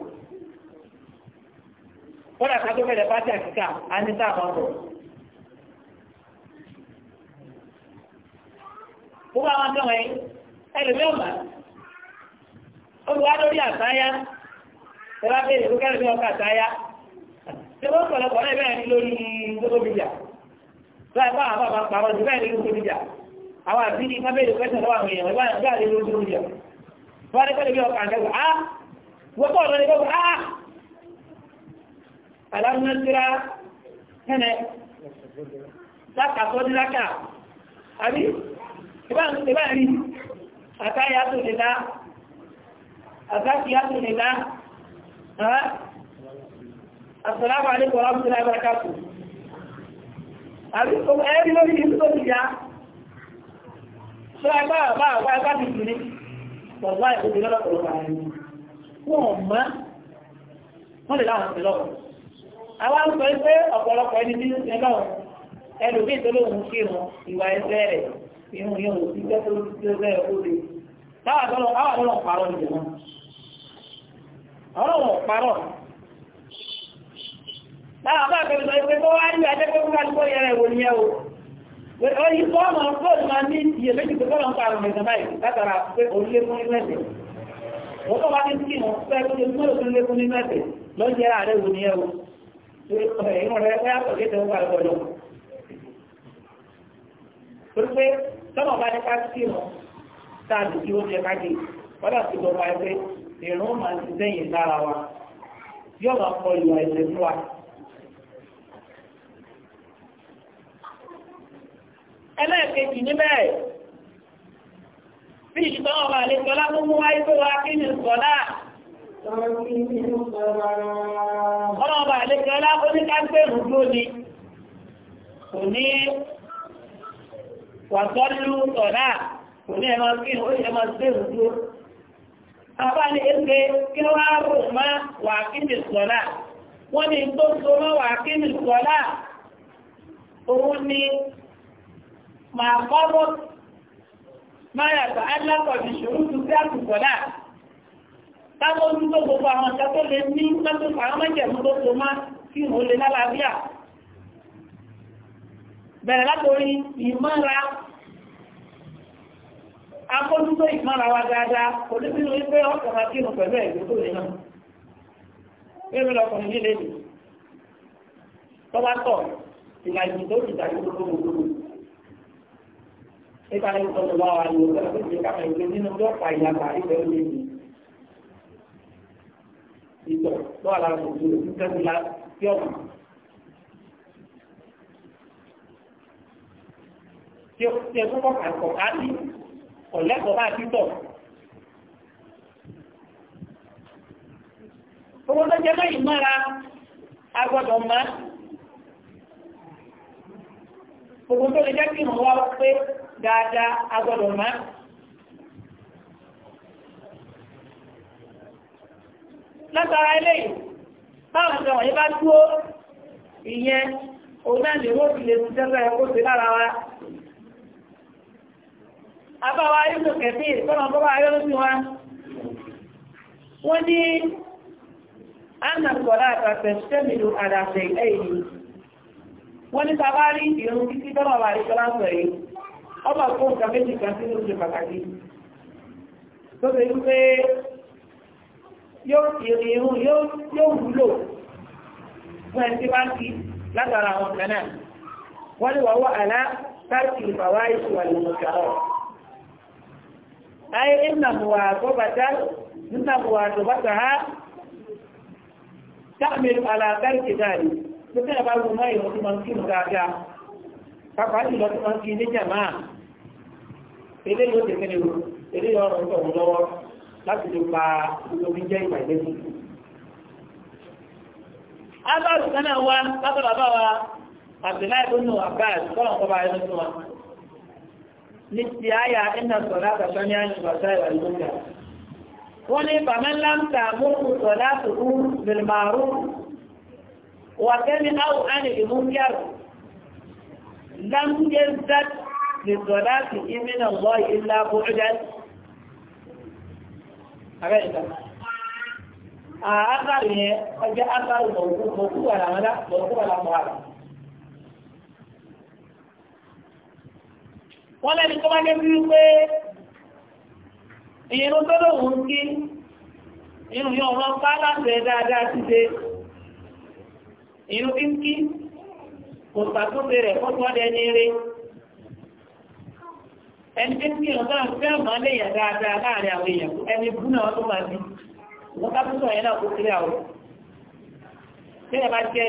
bọ́lá ká tó fẹ́lẹ̀ bá tẹ̀ àkíkà anita àwọn àwọn gbogbo àwọn akẹ́ wọ̀nyí ẹlòmí ọ̀mà olùwà lórí àtàyà ẹ̀rọ abẹ́rẹ́ ìlú kẹ́lẹ́mí ọkọ̀ àtàyà ṣé wọ́n pọ̀lọpọ̀ náà bẹ́ẹ̀ ni lórí gbogbo bìjà láì bá àwọn àbá pàrọ̀ jù bẹ́ẹ̀ ni gbogbo bìjà àwọn àti ní kábẹ́ẹ̀lì pẹ́sẹ̀ lọ́wọ́ àwọn èèyàn ìbáyà gbáà ní gbogbo bìjà wọ́n ní kẹ́lẹ́mí ọkọ̀ àtàyà á wọ́n pọ̀ lọ́ni gbogbo á alámúnátíra tẹ́nẹ̀ lákàtọ́ ní lákà àbí ìbáàrí àkáyàtò nìlá àkáyàtò nìlá àtàláwà alẹ́kọ̀ọ́ lábúrú lábàkàtò àbí ẹ̀rí lórí ìlú tó ti já ṣọ́ agbáàbá àwọn agbábí ìtìrí pọ̀lá ìkòdì lọ́lọ́pọ̀lọpọ̀ àárín wọn mọ́ wọ́n lè láwọn ìpìlọ́pọ̀ àwọn ń sọ pé ọ̀pọ̀lọpọ̀ ẹni bí ẹlọ́run ẹlòmí ìtọ́lóhun kírun ìwà ẹgbẹ́ rẹ̀ ìrùn yẹn ò sí tẹ́tọ́ lẹ́rẹ́ ó lè táwọn àlọ́ parọ́ ní ìjọba àwọn ọ̀rọ̀ parọ́ táwọn àbá àgbẹ̀rẹ̀ sọ pé kó wá ní ajẹ́pẹ́ fún kálukọ́ yẹn rẹ̀ wò ní ẹ o oyin kọ́ ọmọ fóònù máa ní iye méjì wá ní kí ní ẹ o ìrùn rẹ̀ ẹ̀ tọ́nà bá nípa sí wọn táàbù tí ó jẹ káàkiri wọ́dà sí lọ́wọ́ ẹgbẹ́ ìrún máa ti sẹ́yìn lára wa yóò máa kọ ìwà ẹ̀sẹ̀ fún wa. ẹlẹ́ẹ̀kejì níbẹ̀ bí ìṣùtọ́ ọmọ àlejò lábúgbú wáyé tó wá kí ní sọ́lá ọmọ àlejò lábúgbú ní ká wà tọ́lú tọ̀lá kò ní ẹmọ kí ó ṣe máa gbé òdúró àbá ní ẹgbẹ́ kí wá rò má wà kí ní wọ́n ní tó so mọ́ wà kí ní òun ni màá kọ́ bọ́ máa yàtọ̀ alákọ̀ọ́ ìṣòro tó fẹ́ àtùkọ̀lá táwọn ojú tó gbogbo àwọn ọ̀sẹ̀ tó lè ní lọ́tọ̀ àwọn mẹ́jẹ̀mú tó so má kí òun lè lálàáfíà bẹ̀rẹ̀ látorí ìmọ́ra akójútó ìmọ́ra wa dáadáa kò ní sínú wípé ọkọ̀ máa kírun pẹ̀lú ẹ̀gbẹ́ tó lè náà pẹ̀lú ọkùnrin yìí lè lè tọ́ba tọ̀ ìlà ìjì tó ti dàgbé tó gbogbo nípa ní ìtọ́jú bá wa lò ó lọ́wọ́ ìjì káfẹ́ ìgbé nínú tó ọ̀pá ìyá àbárí pẹ̀lú lè lè tí ó ti ẹkú kọ́ ọ̀lẹ́kọ̀ọ́ bá ti Owó tó jẹ́ báyìí mọ́ra agbọ́dọ̀ mọ́. Owó tó lè jẹ́ kí ìrùn wá pé dáadáa agbọ́dọ̀ mọ́. Látara eléyìí, báwọn ọ̀sẹ̀ wọ̀nyí bá dúró ìyẹn òun náà lè wọ́n fi àbáwá ibùn kẹfì ìkọ́nà bọ́bá ayọ́lọ́sí wa wọ́n ní anàkọ̀lá àtàfẹ́ sẹ́mìlú àdàfẹ́ ẹ̀yìn wọ́n ní tàbárí ìrún títí tọ́nà wà ìkọ́lá sọ̀rọ̀ ọba kó nǹkan méjì kan sí lóṣù pàtàkì tó ṣe wípé yóò ìrìn yóò wúlò fún ẹni tí bá ti látara àwọn kan náà wọ́n lè wà wọ́ àlá táàkì ìfàwáyé wà lè mọ̀ṣàrọ̀ ai inna muwazabata inna muwazabataha تعمل على ترك ذلك مثل بعض ما يوم ممكن راجع فقال لو ممكن جماعة ilé yóò tẹ̀lé ní o ilé yóò rọ̀ tọ̀ lọ́wọ́ láti lè pa omi jẹ́ ìgbà ilé sí. abáàlù kan wa níbi àyà ẹ̀nà sọ̀rọ̀ àtàtà ní àyùbàtà ìwà ìlúgà. Wọ́n ní mungu múrù sọ̀rọ̀ àtùkú bìlmàrú wà tẹ́lẹ̀ áwù ánì ìmúkẹ́rù. Lámúyé zát lè sọ̀rọ̀ àti ìmìnà lọ ìlà bùrùdẹ́. Abẹ́ ìta. Àákàrí yẹn ọjọ́ ákàrí mọ̀kú wà láwọn mọ̀kú wà láwọn mọ̀kú wọ́n lẹ́ni tó bá dé bí wípé ìyẹn tó kí inú yóò rán bá láti dáadáa síse inú kí ń kí kò sàtúnṣe rẹ̀ tó ọdẹ ní eré ẹni tí ń kí náà fẹ́ lè yàn dáadáa láàrin àwọn èèyàn ẹni bú náà tó máa wọ́n yẹn náà kó àwọn tí ẹ bá jẹ́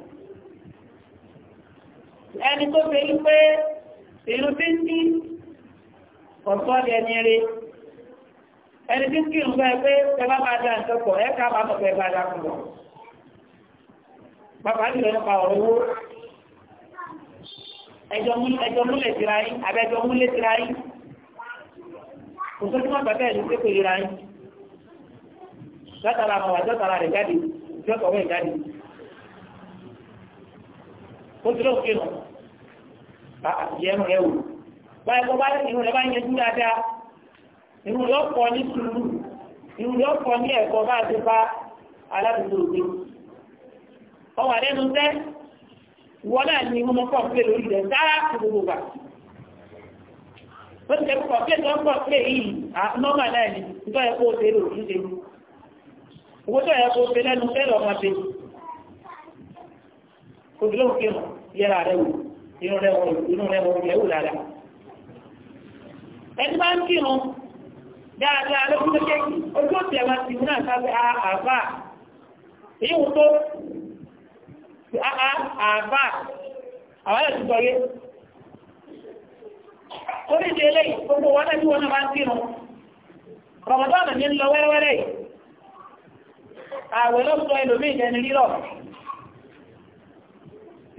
ẹni tó fẹ́ yí pé ìlú tí ń kí ọ̀tọ́ di ẹni rí ẹni tí ń kí ń fẹ́ pé ẹ bá máa dá nǹkan pọ̀ ẹ ká máa mọ̀ pé ẹ bá dá pọ̀ bàbá jùlọ nípa ọ̀rọ̀ owó ẹjọ́ múlẹ̀ tira yín abẹ́jọ́ múlẹ̀ tira yín kò tó tí wọ́n bàtà ìlú pé kò yíra yín látara àwọn àjọtara rẹ̀ jáde ìjọ́kọ̀wé jáde oṣù lọ́wọ́ kéwù àyẹ̀mù rẹ̀ wò báyìí bọ́ báyìí irun rẹ̀ bá yẹjú dáadáa irun rẹ̀ ọ̀pọ̀ ní sùúrù irun rẹ̀ ọ̀pọ̀ ní ẹ̀kọ́ bá ti bá aládùúgbò òde ọwọ́ àdẹ́nu tẹ́ wọ́n náà ní mo kọ́ pé lórí rẹ̀ sáà gbogbo gbà ó ti kọ́ pé tó ń kọ́ pé yìí nọ́mà náà ní nítorí ẹ̀kọ́ òṣèlú òṣèlú owó tó ẹ̀kọ́ òṣèlú ẹnu fẹ́ lọ́mọ òbí ló ń fi hàn yẹra rẹ wò inú rẹ wò inú rẹ wò rẹ wò lára. ẹni bá ń kí hàn dáadáa ló ń lókè ojú òsì a máa ti mú a sábẹ́ àbá èyí wò tó àbá àwọn ẹ̀sùn gbọ́ yé torí ti eléyìí gbogbo wọn náà bí wọn náà máa ń kírun rọmọdọ́nà ní lọ wẹ́rẹ́wẹ́rẹ́ yìí ààwẹ̀ ló sọ ẹlòmíì jẹ́ ní rírọ̀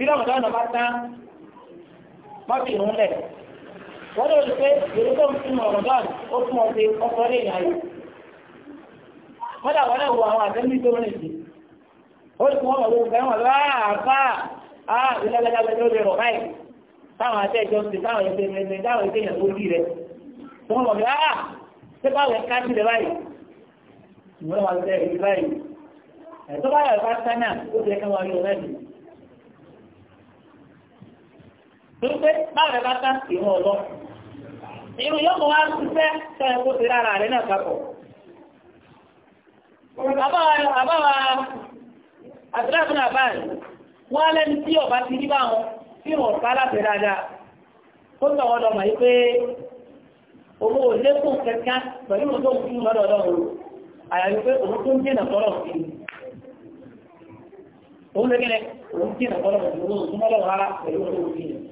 bí rọ̀mọ̀dọ́nà bá tán mọ́bì ń lẹ̀ wọ́n lè rí pé èrò tó ń fún rọ̀mọ̀dọ́nà ó fún ọ pé ọkọ̀ lè yàn yìí wọ́n dà wọ́n náà wo àwọn àtẹ́mí tó rìn sí ó sì wọ́n wọ́n fẹ́ wọn lọ́wọ́ ah, àbá á ah, ìlẹ́gbẹ́gbẹ́ ló lè rọ̀ báyìí táwọn àtẹ́jọ́ ti táwọn ẹgbẹ́ ẹgbẹ́ táwọn ẹgbẹ́ yẹn lórí rẹ̀ tó wọ́n wọ́n fẹ́ á ṣé báwọn ẹ̀ka sí rẹ̀ báyìí ìwọ́n wọn fẹ́ rí báyìí ẹ̀ tó bá yọ̀ bá sánà torí pé báwọn ẹ̀bá tá ìrún ọ̀lọ́ irun yóò mọ̀ wá ṣiṣẹ́ tó ẹ̀kọ́ ti rárá rẹ̀ náà papọ̀ àbáwa àdúràbùn àbáyé wọ́n lẹ́ni tí ọba ti rí báwọn tí wọ́n bá láti dáadáa tó tọ̀ wọ́n lọ́mọ yìí pé owó lẹ́kùn kẹta pẹ̀lú tó ń fi lọ́dọ̀ lọ́rùn àyàrí pé òun tó ń jìnà tọ́rọ̀ sí òun lẹ́gẹ̀rẹ̀ òun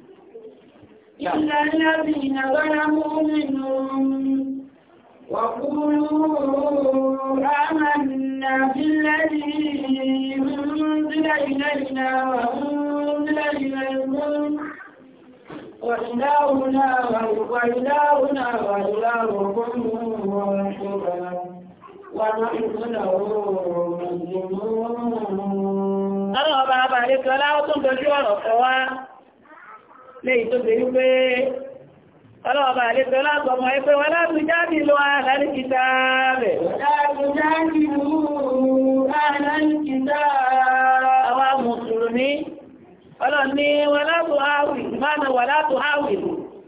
إلا الذين ظلموا منهم وقولوا آمنا بالذي أنزل إلينا وأنزل إليكم وإلهنا وإلهنا وإلهكم واحدا ونحن له مسلمون. أنا أبا أبا لك ولا أتم بالجوار léyìí tó ṣe wípé ọlọ́ọ̀bà àlejò lágbọ̀mọ̀ ẹgbẹ́ wọn láti jáde lọ àlàríkìtà rẹ̀. Àwọn mùsùlùmí, ọlọ́ni wọn látò áwì, máa wà látò áwì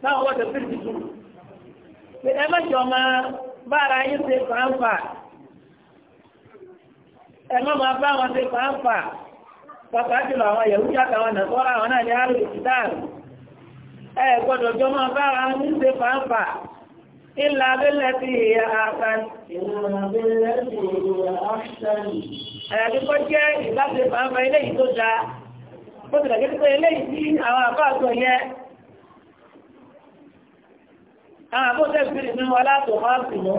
láwọn wọ́n tẹ̀ fíìsì tún. Ẹ mọ́jọ ma bára yín ṣe fàáfà. Ẹ mọ́ ma bá wọn ṣe fàáfà. Pàpàá jùlọ àwọn Yahudi àtàwọn Nàìjíríà àwọn náà ní àrùn ìtìdáàrùn. ẹ gbọ́dọ̀ jọ máa bára ní ṣe fàáfà ìlà abẹ́lẹ̀ ti ìyá àpán àyàbí jẹ́ ìbáṣe fàáfà eléyìí tó dáa ó ti dàgé pé eléyìí tí àwọn àbá yẹ àwọn àbóṣẹ́ ìbílẹ̀ fún wọn látò máa sì mọ́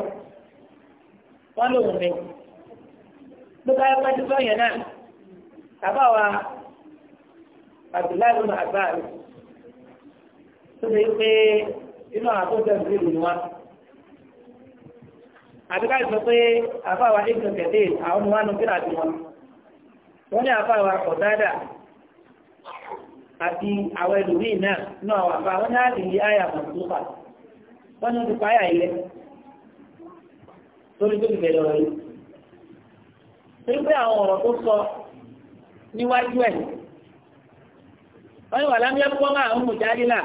wọn lòun ni ló bá yẹn náà àbáwa tó lè pé inú àwọn tó jẹ́ ìdílé ni wọn. àbíká ìsọ pé àfáwà ìgbìmọ̀ kẹ̀dé àwọn ọmọ wọn kí láti wọn. wọ́n ní àfáwà ọ̀dádà àti àwọn ẹlòmíì náà náà wà fà wọ́n ní àdìyí àyà mọ̀tòkà wọ́n ní ti pààyà ilẹ̀ torí tó ti bẹ̀rẹ̀ ọ̀rọ̀ yìí. torí pé àwọn ọ̀rọ̀ tó sọ níwájú ẹ̀ wọ́n ní wà lámúyẹ́ pọ́nmọ́ àwọn mùjáde náà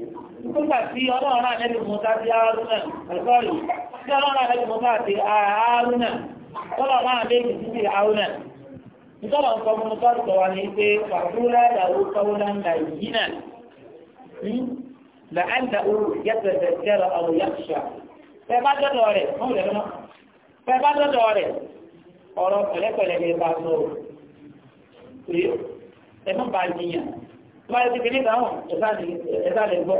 nígbà tí ọlọ́run àlẹ́bí mọ́ta ti àárúnà ẹ̀sọ́rì tí ọlọ́run àlẹ́bí mọ́ta ti àárúnà ọlọ́run àlẹ́bí ti ti àárúnà ìtọ́lọ̀ nǹkan mú tó tọ̀ wá ní pé fàbúrà dàwó kọ́wọ́lá ń da yìí náà hmm? làǹdà ó yẹ́tẹ̀ẹ̀tẹ̀ jẹ́rọ àwọn yàtúṣà fẹ́ bá dọ́dọ̀ rẹ̀ fún ìrẹ̀ mọ́ fẹ́ bá dọ́dọ̀ rẹ̀ ọ̀rọ̀ pẹ̀lẹ́pẹ̀lẹ́ lè bá sọ̀rọ̀ pé ẹ̀mọ́ bá yíyan gbọ́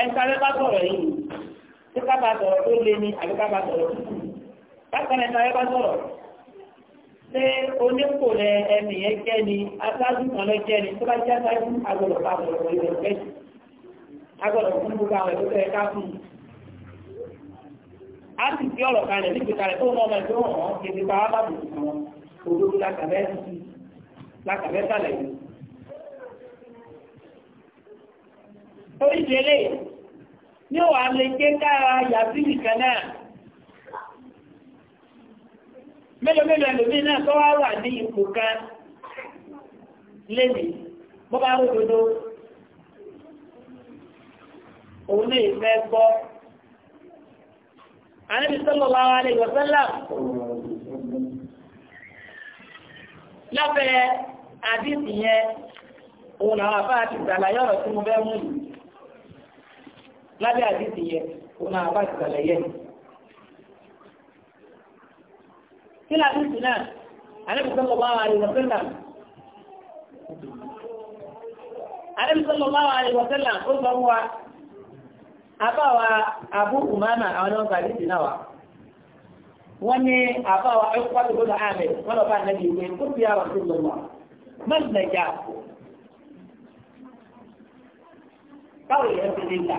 ẹnìkanlẹ́ bá sọ̀rọ̀ yìí tí kábà sọ̀rọ̀ tó lé ní àbí kábà sọ̀rọ̀ tó bákan ẹnìkanlẹ́ bá sọ̀rọ̀ ṣé onípò rẹ ẹnì yẹn jẹ́ ni aṣáájú kan lọ jẹ́ ni tó bá jẹ́ aṣáájú agbọ̀dọ̀ bá sọ̀rọ̀ pẹ̀lú ẹgbẹ́ jù agbọ̀dọ̀ fún gbogbo àwọn ẹ̀kọ́ tó yẹ ká fún un. a sì fi ọ̀rọ̀ kalẹ̀ níbi kalẹ̀ tó mọ́ ọmọ ẹ̀kọ́ wọn kì í ti pa wá bàbù òdodo lákàbẹ́ sàlẹ̀ yìí torí délé ní wà lè jẹ́ kára yàtí nìkan náà mélòó ẹlòmí náà tó wá wà ní ipò kan lẹ́nìí bọ́ bá ròdodo òun náà ìfẹ́ gbọ́ Ànábì sallallahu alaihi òun lábẹ́ àdìsí yẹn kó náà bá ti sàlẹ̀ yẹn. kí ni àdìsí náà àdìsí sọ́kọ̀ bá wà àdìsí sọ́kọ̀ náà. àdìsí sọ́kọ̀ bá wà àdìsí sọ́kọ̀ náà ó sọ fún wa àbáwa àbú umama àwọn ọmọ àdìsí náà wà. wọ́n ní àbáwa ẹ̀kọ́ pàtó gbọ́dọ̀ àmì wọ́n lọ bá àdìsí ìwé kó fi àwọn tó lọ́wọ́ mọ́tò náà já. báwo yẹn ti lè gbà?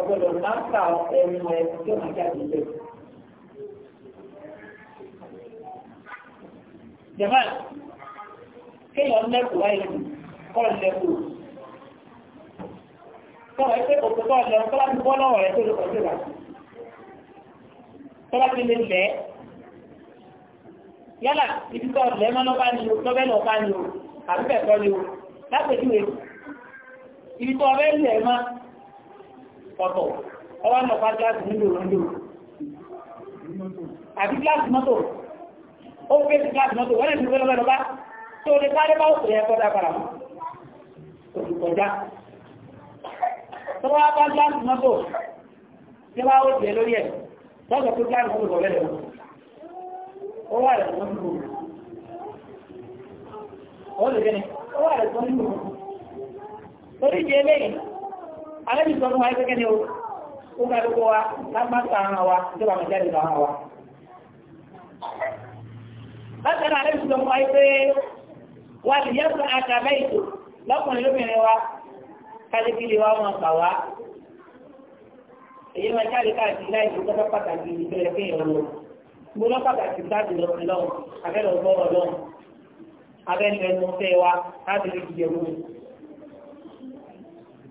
ọgbọ́dọ̀ máa ń ka ẹnu ẹ tó máa jáde lé. Jẹ̀mọ́ kéèyàn lẹ́kọ̀ọ́ wáyé kọ́ lẹ́kọ̀ọ́. Sọ̀rọ̀ ẹgbẹ́ òkú tó lọ kọ́ láti bọ́ lọ́wọ́ rẹ̀ tó lọ pẹ̀lú rà. Tọ́lá ti lè lẹ̀ yálà ibi tó lẹ́ mọ́ lọ́ba ni o lọ́bẹ̀ lọ́ba ni o àbí bẹ́ẹ̀ ni o lápẹ̀jú e ibi tó ọbẹ̀ lẹ̀ máa ọ̀tọ̀ ọwá ń lọ́pàá gíláàsì nílò lọ́ndò àti gíláàsì mọ́tò ó fẹ́ sí gíláàsì mọ́tò wọ́n lè fi fẹ́lọ́lọ́ lọ́pàá tó lè sáré bá òkè yẹn kọ́dá padà kò sì kọjá tọ́wọ́ bá gíláàsì mọ́tò tí wá ó jẹ lórí ẹ̀ lọ́sọ̀ alẹ́bí sọ fún wa ẹgbẹ́ kẹ́ni o ó ká lóko wa lápá ta ara wa tó wà mọ̀ jáde lọ ara wa. bákan náà alẹ́bí sọ fún wa pé wà lè yẹ́sọ àtàbẹ́ ètò lọ́kùnrin lóbìnrin wa kálíkìlì wa wọn kà wá. èyí máa jáde káàkiri láì fi tọ́jọ́ pàtàkì ìbẹ̀rẹ̀ fún ìrìn lọ. mo lọ pàtàkì jáde lọ sí lọ́wọ́ abẹ́rẹ́ ọgbọ́rọ̀ lọ́wọ́ abẹ́rẹ́ ẹnu fẹ́ wa láti lè dìde lóhùn.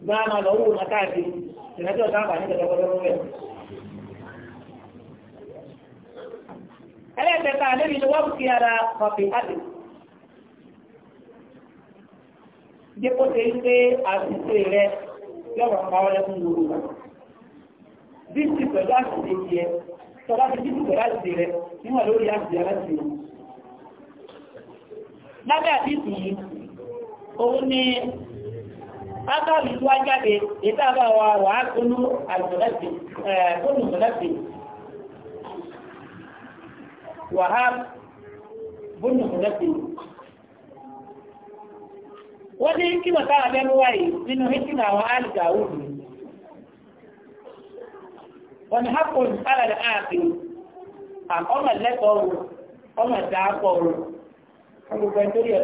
bá máa lọ wò máa káàkiri ìrántí ọ̀tá àbà ní ìdọ̀dọ̀dọ̀ rẹ̀. ẹlẹ́ẹ̀kẹta lẹ́yìn ni wọ́n fi ara kọfí àdì dípò tẹ́ pé àṣìṣe rẹ yọ̀rọ̀ pa ọ́ lẹ́kùn bí ti pẹ̀lú àṣìṣe yẹ tọ́lá ti dípò pẹ̀lú àṣìṣe rẹ níwọ̀n lórí àṣìṣe rẹ. lábẹ́ àdìsí yìí òun ni Ákàrí tó wá jáde, ìtàbà wa wà á kúnnú àlùmọ̀lẹ́sì, kúnnù mọ̀lẹ́sì. Wà á búnnù mọ̀lẹ́sì. Wọ́n ní kí wọ́n táwọn abẹ́mú wáyé nínú hìtìmọ̀ àwọn àlùkà òòrùn. Wọ́n ní hápùn alàdà áàfin, àkọ́mọ̀ lẹ́kọ̀ọ́ ọmọ ìdáàpọ̀ ọ̀rọ̀. Ọgbùgbẹ́ torí ẹ̀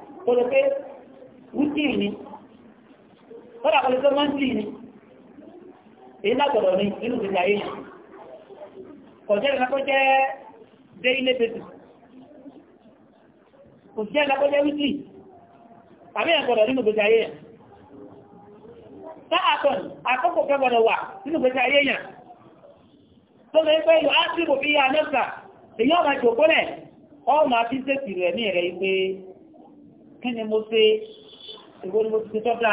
kó lè pé wítì ní kọ́dà kó lè ni mọ́ńtì ní èyí lágbọ̀dọ̀ ní ayé kọ̀jẹ́ ìrìnà kó jẹ́ dé ilé bèbè kò jẹ́ ìrìnà kó ayé yẹn sáàtọ̀n àkọ́kọ̀ kẹgbọ̀dọ̀ wà nínú ayé yẹn tó lè kí ni mo ṣe ìwọ ni mo ṣe tọ́ta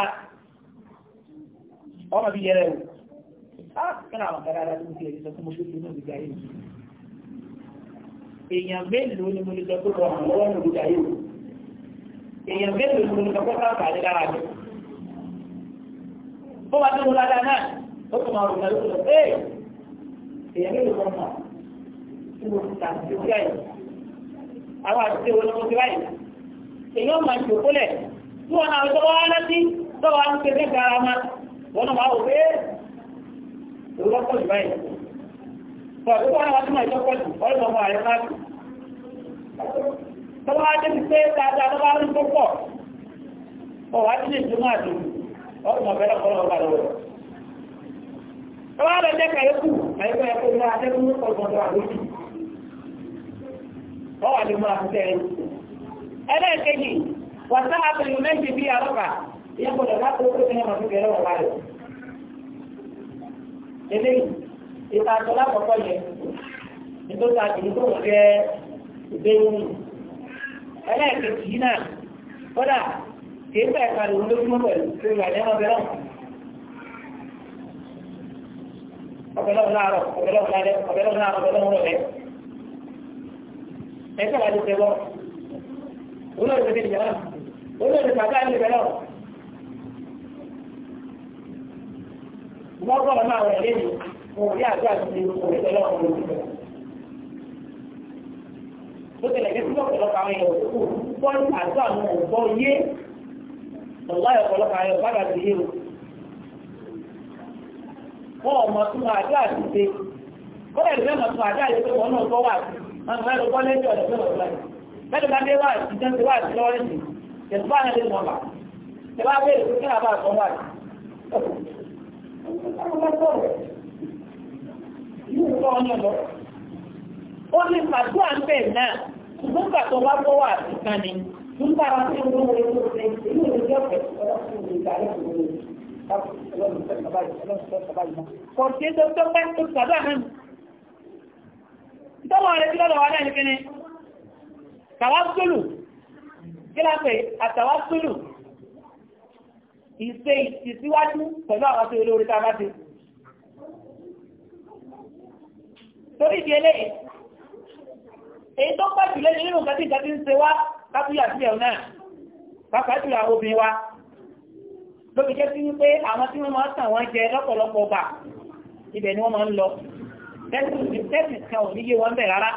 ọmọ bí yẹrẹ o kí ni àwọn kan dára lóṣù ẹ̀rí sọ fún mo ṣe fún mi ìgbà yìí èèyàn mélòó ni mo lè sọ pé kò àwọn ọmọ mi ìgbà yìí èèyàn mélòó ni mo lè sọ pé kò àwọn àlè dára jù bó wá tó mo ládàá náà ó kò máa rò náà lóṣù lọ ee èèyàn mélòó kọ́ mọ̀ tí mo ti tà sí ìgbà yìí àwọn àti tí olóko ti báyìí. èyí ó máa jòkólẹ̀ tí wọ́n náà tọ́wọ́ láti tọ́wọ́ ń pè mẹ́ta ara ma wọ́n náà máa wò pé ìrọ́pọ̀ jù báyìí tọ́wọ́ wọn wá sí máa ìjọpọ̀ jù ọ̀rọ̀ ọmọ ààrẹ máa tù tọ́wọ́ á dé ti pé dáadáa tọ́wọ́ á ẹlẹ́ẹ̀kejì wà sáà pẹ̀lú méjì bí àrọ́bà ìyẹ́pọ̀lọ̀ láti ó pèsè ọmọ fífẹ́ lọ́wọ́ wa rẹ̀. Èdè ìta àtọ́ lákọ̀ọ́kọ́ yẹn nítorí àjèjì tó jẹ́ ìbéyìn. Ẹlẹ́ẹ̀kejì náà kódà kì í bẹ̀ẹ̀ pariwo lójúmọ́ pẹ̀lú tó yà ní ọbẹ̀ náà. Ọbẹ̀ náà láàárọ̀, ọbẹ̀ náà lálẹ́, ọbẹ̀ náà láàárọ̀, ọbẹ̀ náà rọ̀ olóòrùn tẹ̀lé ìyá náà o wọ́n ọmọ tún àjọ àti ṣe kọ́lẹ̀ ìgbẹ́ mọ̀ tún àjọ àti ṣe wọn náà gbọ́ mẹ́lẹ̀ bá dé wá ìjọ́ ti wá sí lọ́wọ́ lẹ́sì ẹ̀sùn bá nílé nọ́mbà ẹ bá bẹ́ẹ̀ tó kíra bá sọ wá sí. yóò tọ́ ọ náà lọ. ó ní pàtó à ń bẹ̀ náà ṣùgbọ́n gbà tó bá bọ́ wà sí kan ni nígbà wá sí owó orí tó ṣe inú ìlú jẹ́ ọ̀fẹ́ Kọ̀ọ̀tì tó tó pẹ́ tó tàbí àná. Ìtọ́wọ̀ rẹ̀ tí lọ́dọ̀ wá náà ní kíni tàwásólù kí lápẹ̀ àtàwásólù ìṣe ìsíwájú pẹ̀lú àwọn tó olórí tá a bá ti. torí ìdí eléyìí èyí tó pẹ́ jù lẹ́yìn nínú nǹkan tí ìjọba ti ń ṣe wá kápúyà sí ẹ̀rù náà pàápàá jùlọ àwọn obìnrin wa lóbi jẹ́ sí wípé àwọn tí wọ́n máa ń tàn wọ́n jẹ lọ́pọ̀lọpọ̀ bà ibẹ̀ ni wọ́n máa ń lọ tẹ́sì kan ò níye wọn bẹ̀ rárá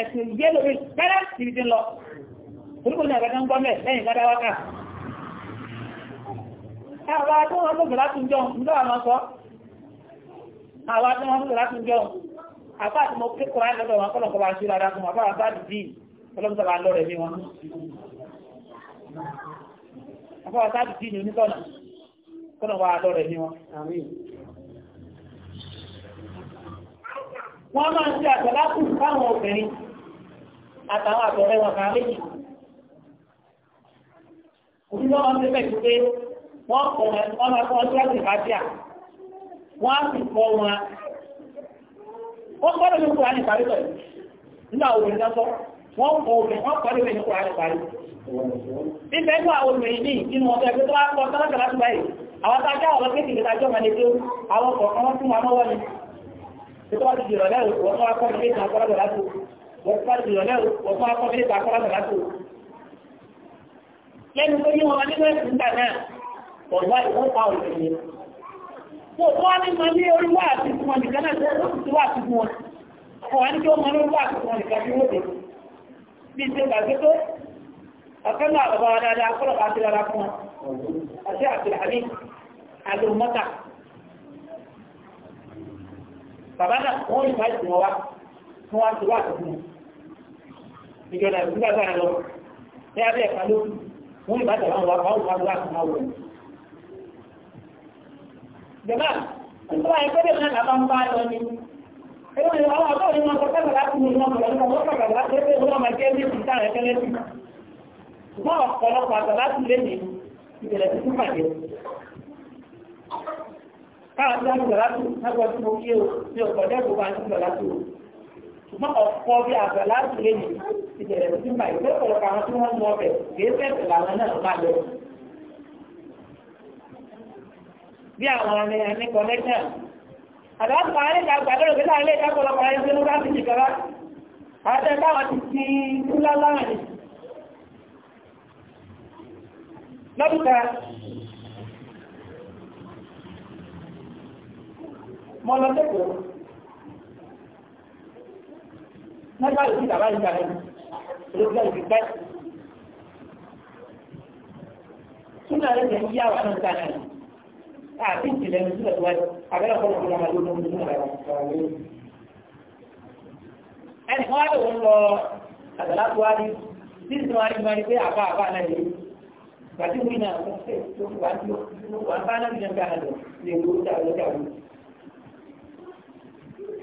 ẹ̀sìn ìyẹ́ lórí pẹ́rẹ́ ìrì ti lọ orúkọ ní àgbàdá ń gbọ́ mẹ́ lẹ́yìn gbádá wákà àwọn àti wọn gbogbo láti jọ ń bá wọn sọ àwọn àti wọn gbogbo láti jọ àpá àti mo kékeré láti lọ́dọ̀ wọn kọ́lọ̀ kọ́ bá ṣe dáadáa fún wọn àpá àti àti bíi ọlọ́mọdé bá lọ́rẹ̀ bí wọn àpá àti wọ́n máa ń ṣe àtọ̀lápù fáwọn obìnrin àtàwọn àtọ̀rẹ́ wọn kan méjì. Òbí ti kọ̀ máa kọ́ ọjọ́ ìgbà á sì kọ́ wọn. Wọ́n kọ́ ní ìparí pẹ̀lú. Nígbà wọ́n wọ́n kọ́ ní ìparí. àwọn ní tó kọ́ báyìí. Àwọn tá a jọ́ àwọn fún mọ́wọ́ ni. ti lẹ́rù, wọ́n bá jùlọ lẹ́rù wọ́n fún akọ́bílẹ̀ ìgbà akọ́lá bàbá tó. lẹ́nu tó yí wọn nínú ẹ̀sìn gbà náà wọ́n wá ìwọ́n pa òṣèlú yẹn. kò tó wá ní wọn ní orí wá àti fún fún wa ti wá àtọ̀kùn ìjọba ìgbà gbára lọ ní abẹ́ ẹ̀ka ló wọ́n ìbá tẹ̀lé àwọn àwọn òkú àgbà àti àwọn òkú. jọba nígbà wáyé pé bẹ́ẹ̀ náà làbá ń bá lọ ni ẹgbẹ́ mi àwọn àbọ̀ ni wọn kọ sẹ́kọ̀ láti mú wọn kọ̀ lọ́wọ́ wọn kọ̀ láti pé wọn máa jẹ́ ní ìta rẹ̀ tẹ́lẹ̀ sí. ṣùgbọ́n ọ̀pọ̀lọpọ̀ àtọ̀ láti lé ní ìbẹ̀rẹ̀ tuntun pàdé. káwọn tí wọn ti gbà láti ṣùgbọ́n ọ̀pọ̀ bí àgbàlá àtúlẹ̀ yìí ti bẹ̀rẹ̀ sí máa ìwé ọ̀pọ̀lọpọ̀ àwọn tí wọ́n mú ọbẹ̀ kìí fẹ́ẹ̀sì làwọn náà máa lọ. bí àwọn ọmọ ẹni ní connection àdáàbò àwọn ẹ̀ka àgbàdo rẹ̀ pẹ̀lú àwọn ẹ̀ka ọ̀pọ̀lọpọ̀ ayé tó ń bá ti jìkọ́lá àwọn tẹ̀ táwọn ti ti kúlá láàrin lọ́dúnta mọ́ nígbà yìí bàbá yìí bàbá yìí olóògbé yìí pẹ́. Súnà rẹ̀ jẹ́ yíyá wà lóta náà. Àti ìjìnlẹ̀ ní sílẹ̀ wáyé, àbẹ́rẹ́ ọ̀pọ̀ ìjọba máa lóde ní ìjọba. Ẹnì kan wá lè wọ́n lọ àgbàlá tó wá ní tí ìsinmi wá ní ìgbà ní pé àbá àbá náà yìí. Gbàdúgbò náà wọ́n fẹ́ tó wà ní wọ́n bá náà ní ìjọba náà lọ lè wọ́n dá lọ́jà wọn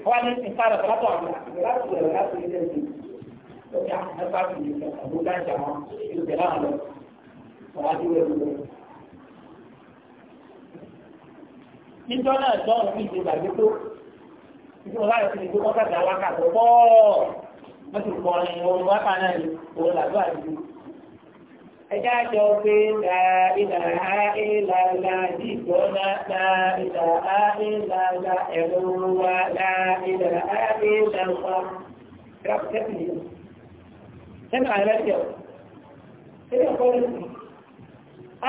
wọ́n ní ìsára látọ̀ àwọn láti rẹ̀ láti ilé ìlú lórí àwọn ẹgbẹ́ àti ìlú àbúgbà ìjà wọn ìlú bẹ̀rẹ̀ àwọn lọ wọ́n á dúró lọ. níjọ́ náà jọ́ òun ìdè gbàgbé tó ìdí wọn láti ìdè kọ́kàtà wákàtà pọ̀ wọ́n pọ̀ ọ̀rìn òun wákàtà náà òun làbẹ́ àdúgbò ẹjá jọ pé láìláà ìlàlá ìgbọ́nà láìláà ìlàlá ẹ̀rọ wa láìláà ìlàlá gráfẹ́tì yìí nínú àìrẹ́tì ọ̀ sílẹ̀ kọ́ ní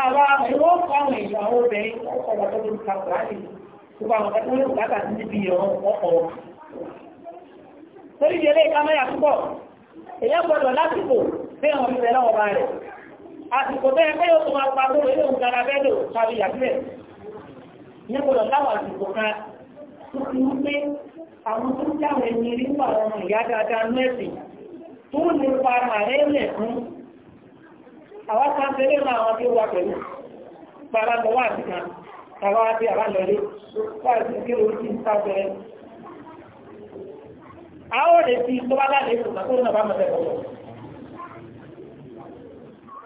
àwa ìwọ́ fáwọn èèyàn àwọn obìnrin ọkọ̀ ọ̀tọ́ tó ń ta kùránì gbogbo àwọn ọ̀tọ́ tó ń bàtà sí ibi ìrọ̀ ọkọ̀ àsìkò tó yẹ pé yóò tó máa pa lórí ilé òun gara bẹ́ẹ̀ lò tàbí yàgbẹ́ ní gbọdọ̀ láwọn àsìkò kan tó fi ń pé àwọn tó jáwé ní rí wà ọmọ ìyá dáadáa mẹ́sì tó lè pa ààrẹ lẹ̀ fún àwọn kan tẹ́lẹ̀ máa wọn tí ó wà pẹ̀lú parapọ̀ wà sí kan tàwa àti àbálẹ̀lẹ́ wà sí kí o ti ń sáfẹ́ àwọn èdè tí tó bá láti ètò tó náà bá mọ̀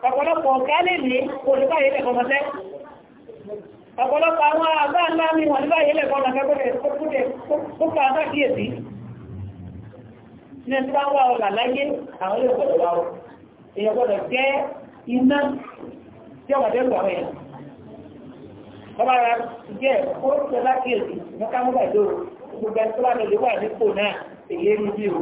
ọ̀pọ̀lọpọ̀ ọ̀gá lè ní kò ní báyìí lẹ̀kọ́ mọ́tẹ́ ọ̀pọ̀lọpọ̀ àwọn àbá ńlá ní wọ̀n ní báyìí lẹ̀kọ́ mọ́tẹ́ kó ká bá kíyèsí ní ẹni bá wà ọ̀là láyé àwọn ilé gbọ́dọ̀ wà ó èèyàn gbọ́dọ̀ jẹ́ iná tí ọmọdé lọ rẹ̀ ọba rẹ̀ jẹ́ ó ṣe lákìyèsí ní ká mú bàjọ́ gbogbo ẹni lè wà nípò náà èyí rí bí o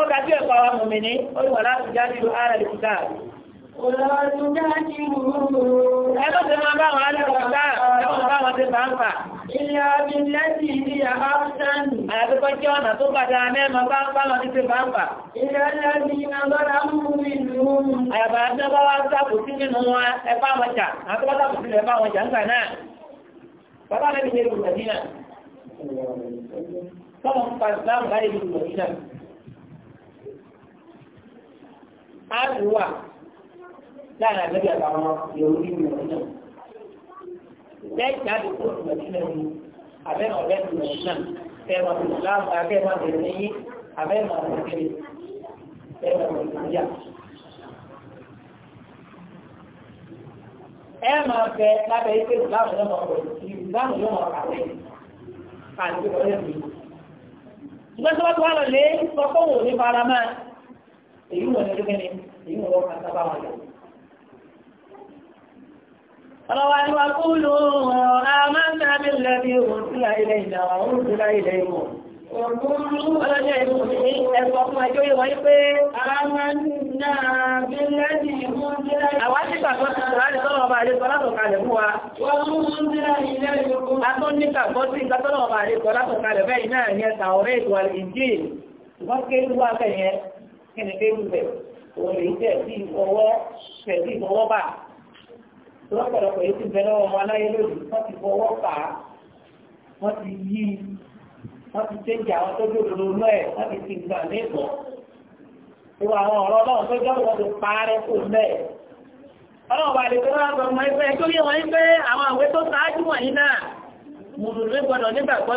ó dájú ẹ̀kọ́ àwọn mòmìnì olùwà láti jáde ìlú ara lè kúta. Ẹgbẹ́sẹ̀ máa bá wọn alẹ́ ọ̀gá ẹ̀wọ̀n bá wọn ti fàǹfà. Ilé ọdún lẹ́sì ní àbáfẹ́sán. Àyàfikọ́ jẹ́ ọ̀nà tó padà mẹ́mọ bá ń bá wọn ti fàǹfà. Ilé ọlọ́dún iná lọ́dà ń mú ìlú. Àyàfà àti ọba wa ń sàkó sí nínú wọn ẹ̀fà wọn jà. Àti wọ́n sàkó sílẹ̀ ẹ̀fà wọn jà ńgbà náà. Bàbá mi ti ṣe ìrù Mẹ̀dínà. Tọ́mọ̀ ń pa ìsìlámù láì ìrù Mẹ̀dínà. àrùn wà láàrin àgbẹ̀bí àtàwọn yòówù ní ìlú náà. lẹ́yìn láti kó ìgbà sílẹ̀ ní abẹ́ ọ̀rẹ́ ìlú náà fẹ́ẹ́ máa fi láàmú abẹ́ máa bẹ̀rẹ̀ lẹ́yìn abẹ́ máa bẹ̀rẹ̀ lẹ́yìn fẹ́ẹ́ máa bẹ̀rẹ̀ lẹ́yìn. ẹ máa fẹ́ lábẹ́ ìpè ìlànà náà pọ̀ ìlànà yóò máa kàwé àti ìpè ìlànà yìí. ìgbésọ́wọ́ tó wà lọ́lẹ́ sọ fóun ò ní fara máa èyí wọn ló kẹ́ni èyí wọn lọ́wọ́ kàtà báwọn lọ. Ọlọ́wà ni wà kú ló àmàtàbí lẹ́bí òṣìlá ilẹ̀ ìdàwà òṣìlá ilẹ̀ ìwọ̀. Ọlọ́jọ́ ìlú ní ẹ̀kọ́ fún ẹjọ́ ìwọ̀ yí pé àmàtàbí lẹ́bí òṣìlá àwọn nígbà tó ti sọ̀rọ̀ àti tọ́lọ̀ ọba àdékọ́ látọ̀kalẹ̀ fún wa. Wọ́n mú òṣìlá ilẹ̀ ìwọ̀. A tó nígbà tó ti ọba àdékọ́ látọ̀kalẹ̀ bẹ́ẹ̀ náà ní ẹ̀ta ọ̀rẹ́ ìtò kí ni bẹ́ẹ̀ bẹ̀ òun lè tẹ̀ sí ọwọ́ tẹ̀ sí ọwọ́ bá lọ́pọ̀lọpọ̀ yìí ti bẹ̀rẹ̀ ọmọ aláyé lòdì wọ́n ti fọwọ́ fà wọ́n ti yí wọ́n ti tẹ́jì àwọn tó dòdò lọ ẹ̀ wọ́n ti fi gbà lẹ́kọ̀ọ́ ìwà àwọn ọ̀rọ̀ náà tó jọ́ wọ́n ti parẹ́ kò mẹ́ẹ̀. ọlọ́run bá lè tọ́lá sọ ọmọ ẹgbẹ́ tó yẹ wọ́n ń gbé àwọn àwẹ́ tó ṣáájú wọ̀nyí náà mùsùlùmí gbọ́dọ̀ nígbàgbọ́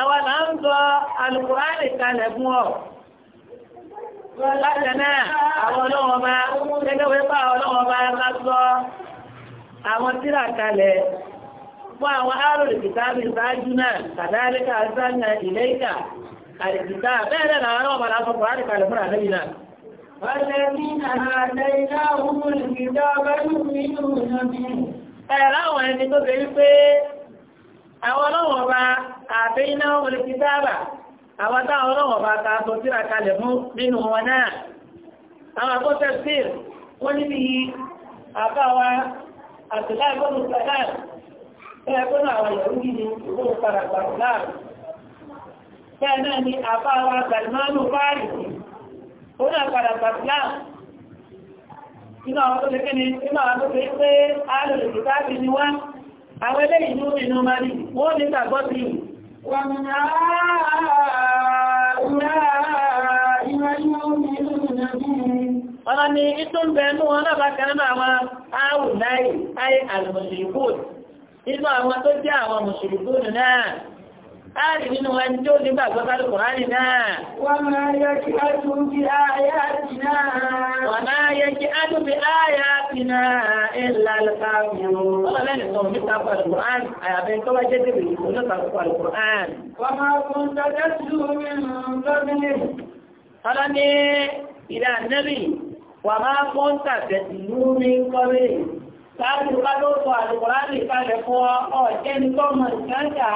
àwọn là ń gọ alùkùránì kalẹ̀ fún ọ. Láti náà, àwọn ọlọ́wọ́n bá gẹ́gẹ́ wí pa ọlọ́wọ́n bá bá sọ àwọn tíra kalẹ̀ fún àwọn arúrù kìtàbí ìsáájú náà, kàdáríkà sáyà ilẹ̀ ìkà, àrìkìtà bẹ́ẹ̀ náà àwọn ọmọ lásán kùránì kalẹ̀ fún àdébì náà. والذين آتيناهم الكتاب يؤمنون àwọn ọlọ́wọ̀n ọba àbẹ́ iná wọlé ti sábà àwọn táwọn ọlọ́wọ̀n ọba ta sọ síra kalẹ̀ mú nínú wọn náà àwọn akọ́sẹ̀ síl wọ́n níbi àbáwa àtìláì gbọ́dọ̀ sàkáàlì ẹ̀ gbọ́dọ̀ àwọn ìyàwó gidi ìgbọ́dọ̀ padà pàrọ̀ láàrù bẹ́ẹ̀ náà ni àbáwa Salmanu Farisi ó náà padà pàrọ̀ láàrù inú àwọn tó lè kéde inú àwọn tó lè pé àlòlè kìtàbí ni wọ́n àwọn ilé ìlú inú ma ní wọ́n ní gbàgbọ́ sí wọ́n ni ìtò ń bẹ̀ẹ̀nú wọn náà bá kẹrẹ náà wọn áwù láì àìmọ̀ṣìlìkò nínú àwọn tó jẹ́ àwọn mọ̀ṣìlìkò náà Láàrin nínú ẹni tí ó ní gbàgbọ́ sáré Kùránì náà. Wọ́n máa yẹ kí á tún fi àyà ti náà. Wọ́n máa yẹ kí á tún fi àyà ti náà ìlà lọ́kàwọ̀. Ọlọ́lẹ́ni sọ̀rọ̀ nípa pàlù Kùránì, àyàbẹ̀ tó wá jẹ́ dèrè ìlú nípa pàlù Kùránì. Wọ́n máa kún tọ́jọ́ sí omi lọ́gbìnrin. Ọlọ́ni ìlà nẹ́rì, wọ́n máa kún fún ọ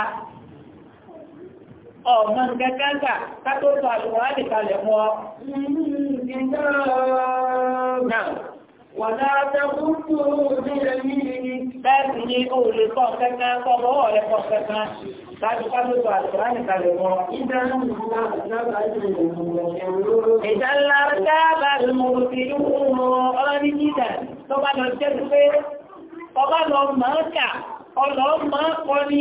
ọmọ kẹkẹta kátó tó àlùwà nìkalẹ̀ mọ́ Wọ̀nà àtẹ́kùnkù nílẹ̀ nílẹ̀ bẹ́ẹ̀sì ni ó lè kọ́ kẹ́kẹ́ kọ́ bọ́wọ́ rẹ̀ kọ́ kẹ́kẹ́ láti kátó tó àlùwà nìkalẹ̀ mọ́. Ìdánlá dábà lùmọ̀rù sí ìrúnmọ̀ ọlọ́ní jíjà tó bá lọ jẹ́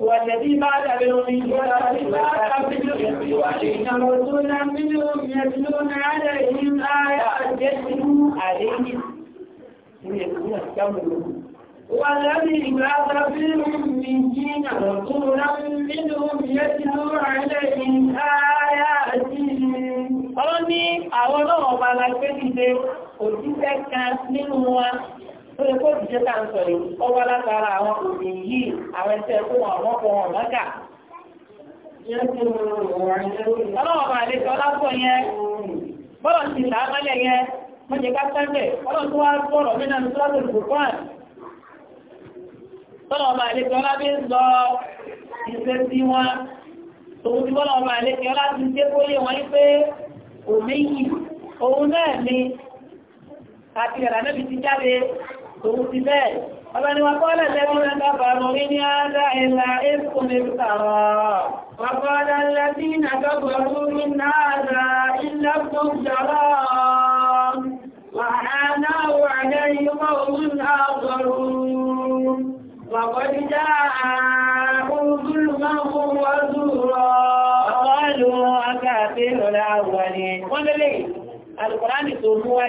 والذي بعد بالرسل رسولا منهم يتلون عليهم آيات يتلو عليهم والذي بعد فيهم من دين رسولا منهم يتلو عليهم آياته Ọlọ́ni àwọn ọlọ́wọ̀ bá la gbé dìde òjíṣẹ́ kan nínú wa ó yẹ kó tá à ń sọ yìí ó wá àwọn òbí yìí àwọn ẹsẹ̀ kó wọn àwọn ọkọ̀ wọn lọ́jà. ọlọ́wọ́ máa lè sọ lásán yẹn bọ́lọ̀ ti là á yẹn wọ́n jẹ ká sẹ́ńdẹ̀ ọlọ́wọ́ tó wá bọ̀rọ̀ nínú ìṣúlọ́sọ̀ ìbùkún tọ́lọ̀ máa lè sọ lábẹ́ sọ ìṣe sí wọn tòun ti bọ́lọ̀ máa lè sọ láti dé kó wọn pé òmíyì òun náà ni àti ìrànlẹ́bí ti jáde tòun ti bẹ́ẹ̀ ọlọ́ni wọn kọ́lẹ̀ lẹ́gbọ́n dábàá mọ̀ rí ní ádá ìlà èkó lè sàrọ̀ wọn kọ́lẹ̀ lẹ́bí nàgbàgbọ́rú ní náàdá ilẹ̀ tó jọrọ̀ وعانا وعليه قوم آخرون وقد جاءوا ظلما وزورا قالوا أكافر الأولين قل لي القرآن سوى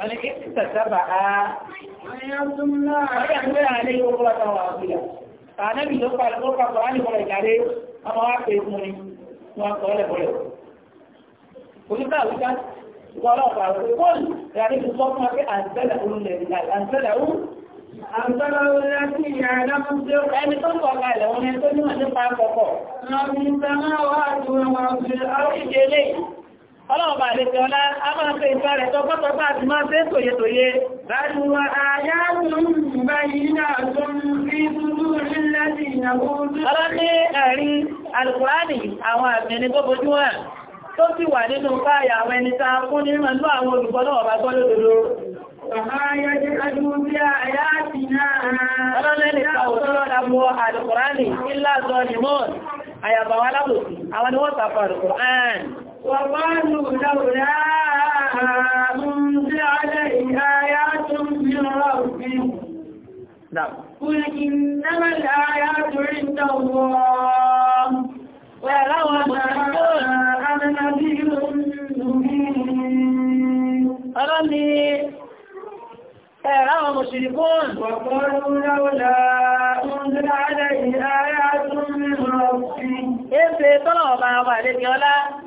أنا اكتسبها ويحمل عليه أخرى واصلة فأنا بيلقى الأخرى قرآن قرأت عليه أما واحد يسمني وأقول له قلت له قلت ورفع الكل يعني في الصوت ما في أنزله الذي أنزله أنزله الذي يعلم السر يعني تنطق على ومن كل ما تنفع فوقه ما في السماوات وما في الأرض إليه ọlọ́ọ̀bà àdẹ́sẹ̀ ọlá a máa fẹ́ ìfẹ́ rẹ̀ tó gbọ́tọ̀ bá ti máa fẹ́ tòye tòye lájúwà àyáàtùn báyìí náà tó ń rí dúdú níláti ìyàwó ọlọ́ní ẹ̀rí alùkùránì àwọn àmìnì tó bojú wọn tó sì wà nínú káyà àwọn ẹni ta fún ní mọ̀ lọ àwọn olùkọ́ náà bá gbọ́ lódodo Ọlọ́lẹ́ni ṣàwòtọ́rọ̀ lábọ́ àdùkùránì, ìlàzọ́ nìmọ́, àyàbàwà lábòsí, àwọn ni wọ́n tàfà àdùkùránì. وقالوا لولا أنزل عليه آيات من ربه نعم قل إنما الآيات عند الله ولو أنا نذير أرني أرى المشركون وقالوا لولا أنزل عليه آيات من ربه إيه سيطلع ما هو عليك ولا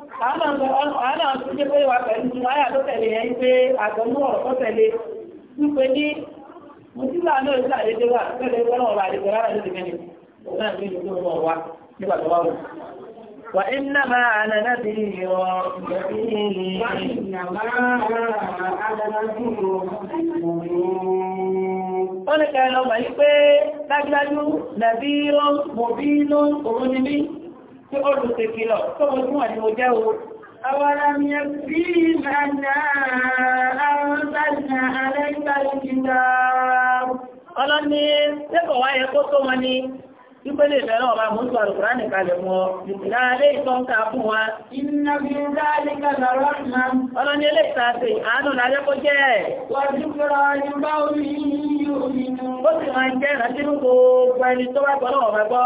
a na pé wà pẹ̀lú ayà tó tẹ̀lé yẹn pé àtọ̀nú ọ̀rọ̀ tẹ̀lé ń pe ní mùsùlùmá náà ń sàdédé wà tẹ́lẹ̀ wọ́n wà tí olùsèkìlọ̀ tó ojú wọn ni mo jẹ́ o. أولم يكفيهم أنا أنزلنا عليك الكتاب Ọlọ́run ní lẹ́kọ̀ọ́ wáyé kó tó wọn ní Ìpele ìfẹ́ràn ọba mú sọ àrùkùrá nìkalẹ̀ mọ́, ìdáadé ìtọ́ǹkà fún wa. Iná bí ń dá ní kàlọ́rọ̀ náà. Ọlọ́ ní ilé ìtàṣe, àánú lájẹ́ kó jẹ́ ẹ̀. Wọ́n ti fẹ́ra ní bá orí yìí yìí omi nù. Ó sì máa ń jẹ́ ìrántí ní gbogbo ẹni tó wá gbọ́ náà ọ̀fẹ́ gbọ́.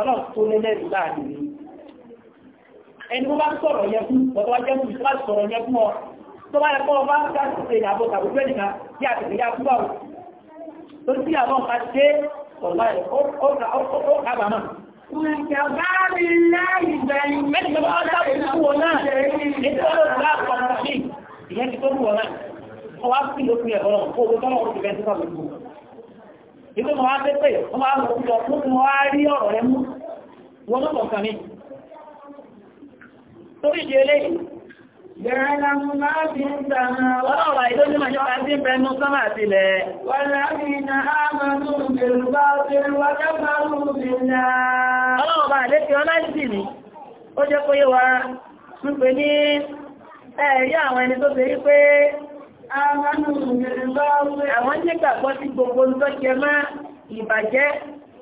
ọlọ́run tó lé lẹ́rù láàrin mi ẹni tó bá ń sọ̀rọ̀ yẹ fún ọ̀tọ́ wá jẹ́ fún ìtura sọ̀rọ̀ yẹ fún ọ tó bá yẹ kọ́ ọba ń gbà ṣe ìyàbọ̀ tàbí pé nìkan bí àtẹ̀tẹ̀ yá fún báwò tó sí àwọn ọ̀ka ṣe ọ̀la ẹ̀ ó kábàámà. Ìjọba mi láì bẹ̀rù. Mẹ́tì bá wọ́n sáré fún wọn náà. Ètò ọ̀rọ̀ ìlà àkọ́kọ́ sí. Ìyẹn ti tó wù wọn náà. Ọwọ́ á sì lópin ẹ̀rọ náà kó o tó tọ́lọ́ ìgbé mọ̀ wá pépè wọ́n máa lọ sí ọkùn mọ̀ wá rí ọ̀rọ̀ rẹ mú wọ́n mọ̀ kọ̀ọ̀kan ni torí ìdí eléyìí Gẹ̀rẹ́lẹ́mùnà bí ń tàná ọlọ́ọ̀rọ̀ ìdójúmọ̀ àwọn nígbàgbọ́ sí gbogbo ń tọ́jẹ máa ìbàjẹ́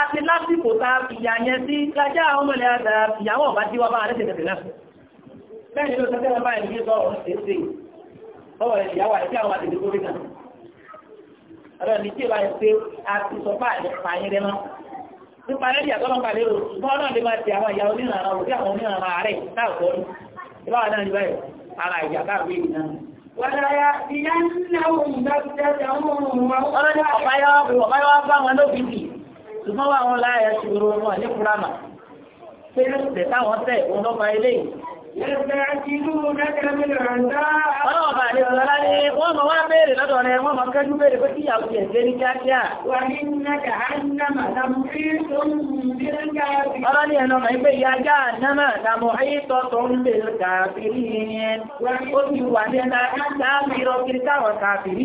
àti lásìkò ta ìyà yẹn sí lájá àwọn ọmọ ilẹ̀ àtàrà ìyàwó ọ̀bá tí wọ́n bá rẹ̀ tẹ̀tẹ̀ náà bẹ́ẹ̀ ni ló sọ tẹ́lẹ̀ báyìí ní sọ́rọ̀ ṣeéṣe ọwọ́ rẹ̀ ìyàwó àti àwọn àti ìdíkó bíkan ọ̀rọ̀ ní tí ó bá yẹ pé a ti sọ bá àyẹ̀ pààyẹ̀ rẹ̀ náà nípa rẹ̀ ìyàtọ̀ lọ́pàá lérò ṣùgbọ́n náà lè máa ti àwọn ìyàwó onírànà òbí àwọn onírànà ààrẹ táàkọ́ ní ìbáwọn náà ní báyìí ara ìyà káàkiri ìdíná ọ̀rọ̀ ni ọ̀páyọ́ bá wọn lóbi bì ṣùgbọ́n wà wọn láàyè ṣòro wọn ní kúrámà pé lóṣìṣẹ́ táwọn tẹ̀ òun lọ́ fa eléyìí. Ọlọ́wọ́ bá ní ọ̀rọ̀ láti wọ́n mọ̀ wá béèrè lọ́dọ̀ rẹ̀ wọ́n mọ̀ kẹ́jú béèrè pé kíyàwó jẹ̀ jẹ́ ní kíákíá. Ọlọ́ ní ẹ̀nà mọ̀ ipé ìyá ajá náà dàmọ̀ ayé tọ́tọ̀ ń lè kàfìrí yẹn. Ó ti wà ní ẹ̀nà láàrín ọkiri táwọn kàfìrí.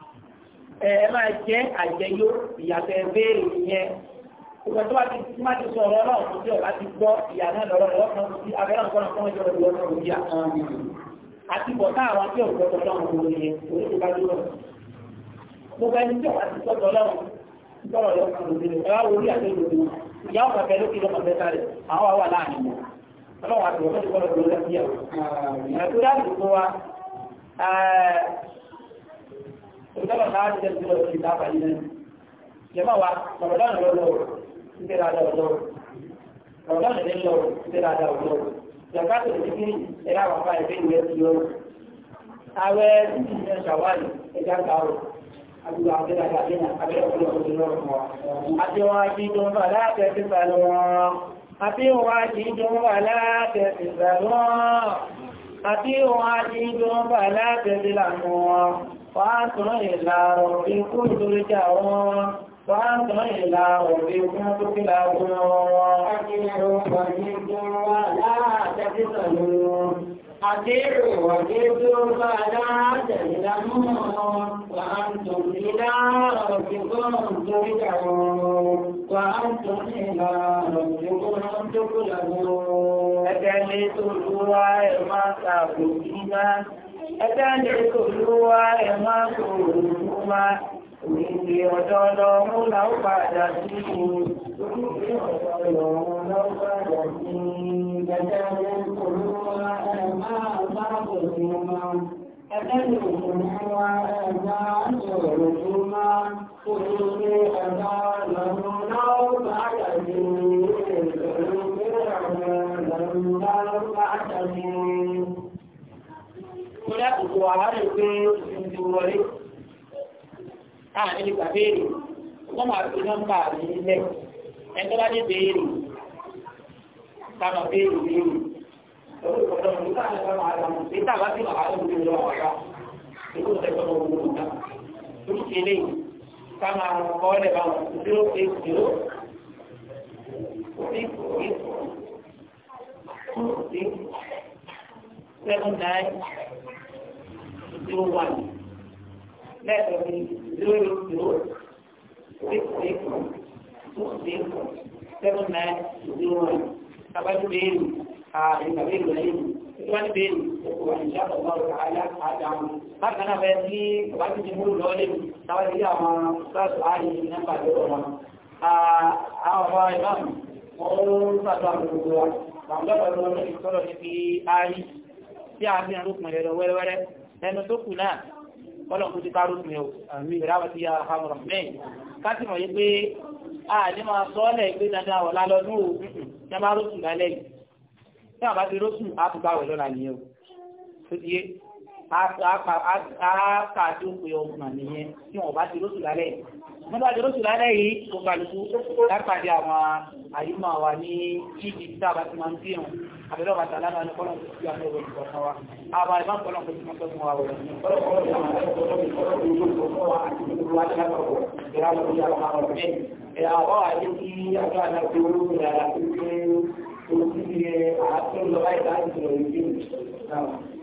ẹ máa jẹ́ àjẹyó ìyàtọ̀ ẹ̀bẹ́rẹ̀ yẹn ìgbà tó bá ti tí má ti sọ ọ̀rọ̀ náà tó tí ọ̀la ti gbọ́ ìyá náà lọ́rọ̀ lọ́wọ́ kan sí abẹ́rẹ́ nǹkan náà kọ́nà jọ̀rọ̀ lọ́wọ́ kan òjì àwọn ọmọ àti bọ̀ tá àwọn tí òkú ọ̀tọ̀ lọ́wọ́ kan òjì orí ti bá dúró gbogbo ẹni tí ọ̀la ti sọ̀tọ̀ lọ́wọ́ lọ́rọ̀ lọ́wọ́ kan òjì ẹ wá orí àti òjò ìyá ọ̀pá bẹ lókè lọ́mọ bẹ́ẹ̀ sáré àwọn wà láàrin ọlọ́wọ́ àti ọ̀pá òtọ́lọ̀ náà ti jẹ́ ìjọba ìdáàbà yìí lẹ́nu jẹ́mọ́ wa rọ̀dọ́nù lọ́lọ́rọ̀ ń tẹ́ra dá ọlọ́rọ̀ rọ̀dọ́nù lọ́lọ́rọ̀ ń tẹ́ra dá ọlọ́rọ̀ jàkátò ìdíkí ẹ̀rá wà fà ìdí ìwé ti lọ́rọ̀ ààrẹ ìdíjẹ́ ṣàwárì ẹja ń gbàrọ̀ àbúrò àbẹ́rẹ́ àgbàdénà àbẹ́rẹ́ òkúrò òkúrò lọ́rọ̀ àti wọn àti ìjọba aláàbẹ̀ ti fà àti wọn àti ìjọba aláàbẹ̀ ti fà lọ wọn àti wọn àti ìjọba aláàbẹ̀ ti lànà wọn فأعطنا إلى ربكم ترجعون فأعطنا إلى ربكم تكلعون أكلوا وجدوا ولا تفصلوا أطيعوا وجدوا فلا تظلموا وأنتم إلى ربكم ترجعون وأنتم إلى ربكم تكلعون أجلس الجوع ما تعبدون ẹ̀dá lè kò ló wá ẹ̀ máa kò ló má òyìnbí ọ̀dọ́ lọ́rún là ó padà sí i òyìnbí ọ̀dọ́ lọ́rún là ó padà sí i ẹ̀dá lè kò ló wá ẹ̀ máa bá kò ló má ẹ̀dá lè kò ló wá ẹ̀ máa kò ló má òyìnbí ọ̀dọ́ Bóyá òkú àwárí pé ìdí wọlé. A ní ìgbà béèrè. Wọ́n máa fi nọ́mbà mi nílẹ̀. Ẹjọ́ bá dé béèrè. Táwọn béèrè béèrè. Lọ́wọ́ ìgbà tó ń bá àwọn àwọn àwọn ìta bá sì máa ń lò lọ́wọ́ ọ̀gá. Ìkó tẹ̀sán lọ́wọ́ ọ̀gá. Oríṣi eléyìí zero one lẹ́ẹ̀kan ní zero zero six six two six seven nine zero one abájú bẹ́ẹ̀rù àìsàbẹ́ ìlú ẹ̀yìn tí wọ́n ní bẹ́ẹ̀rù òkú wà ní sábà wà lọ́wọ́ àyà àdáhùn bákan náà bẹ́ẹ̀ tí ìwádìí ti múlò lọ́wọ́ lẹ́nu táwọn ilé àwọn sáàsù ààyè nípa ìjọba wọn àwọn ọmọ ìmáàmù wọn ń sàtọ́ àwọn gbogbo wa àwọn ọmọ ìmáàmù sọ̀rọ̀ níbi ààyè tí a fi hàn lópin rẹ̀ wẹ́rẹ́wẹ́rẹ́ ẹnu tó kù náà kọ́lọ̀ kó ti kárò mi o ìráwọ̀ ti yára ha mọ̀rọ̀ mẹ́yìn káàtì mọ̀ yé pé a ní máa sọ ọ́lẹ̀ pé dandan wọ̀ lálọ́ ní o ní a máa rótù lálẹ́ yìí tí a bá ti rótù a tún bá wẹ̀ lọ́la nìyẹn o tó ti yé a kà á tó pé ọmọ nìyẹn tí wọn bá ti rótù lálẹ́ yìí nígbà tí rótù lálẹ́ yìí kò kàlùkù lápàdé àwọn àyímọ̀ wa ní ìdí tí a bá ti máa ń fi hàn àbẹ̀lọ́ bàtà lánàá ní kọ́lọ̀ tí a lọ́wọ́ ìgbọ̀ fún wa àbá ìbá kọ́lọ̀ kò tí wọ́n tó fún wa wọ̀lẹ̀ kọ́lọ̀ kọ́lọ̀ tí wọ́n tó fún wa àti ìlú wa ti lápapọ̀ ìrà lọ sí àwọn àwọn ọ̀rẹ́ ẹ̀ àwọ̀ àti kí àjọ àti olóògùn rẹ̀ àti pé olùkí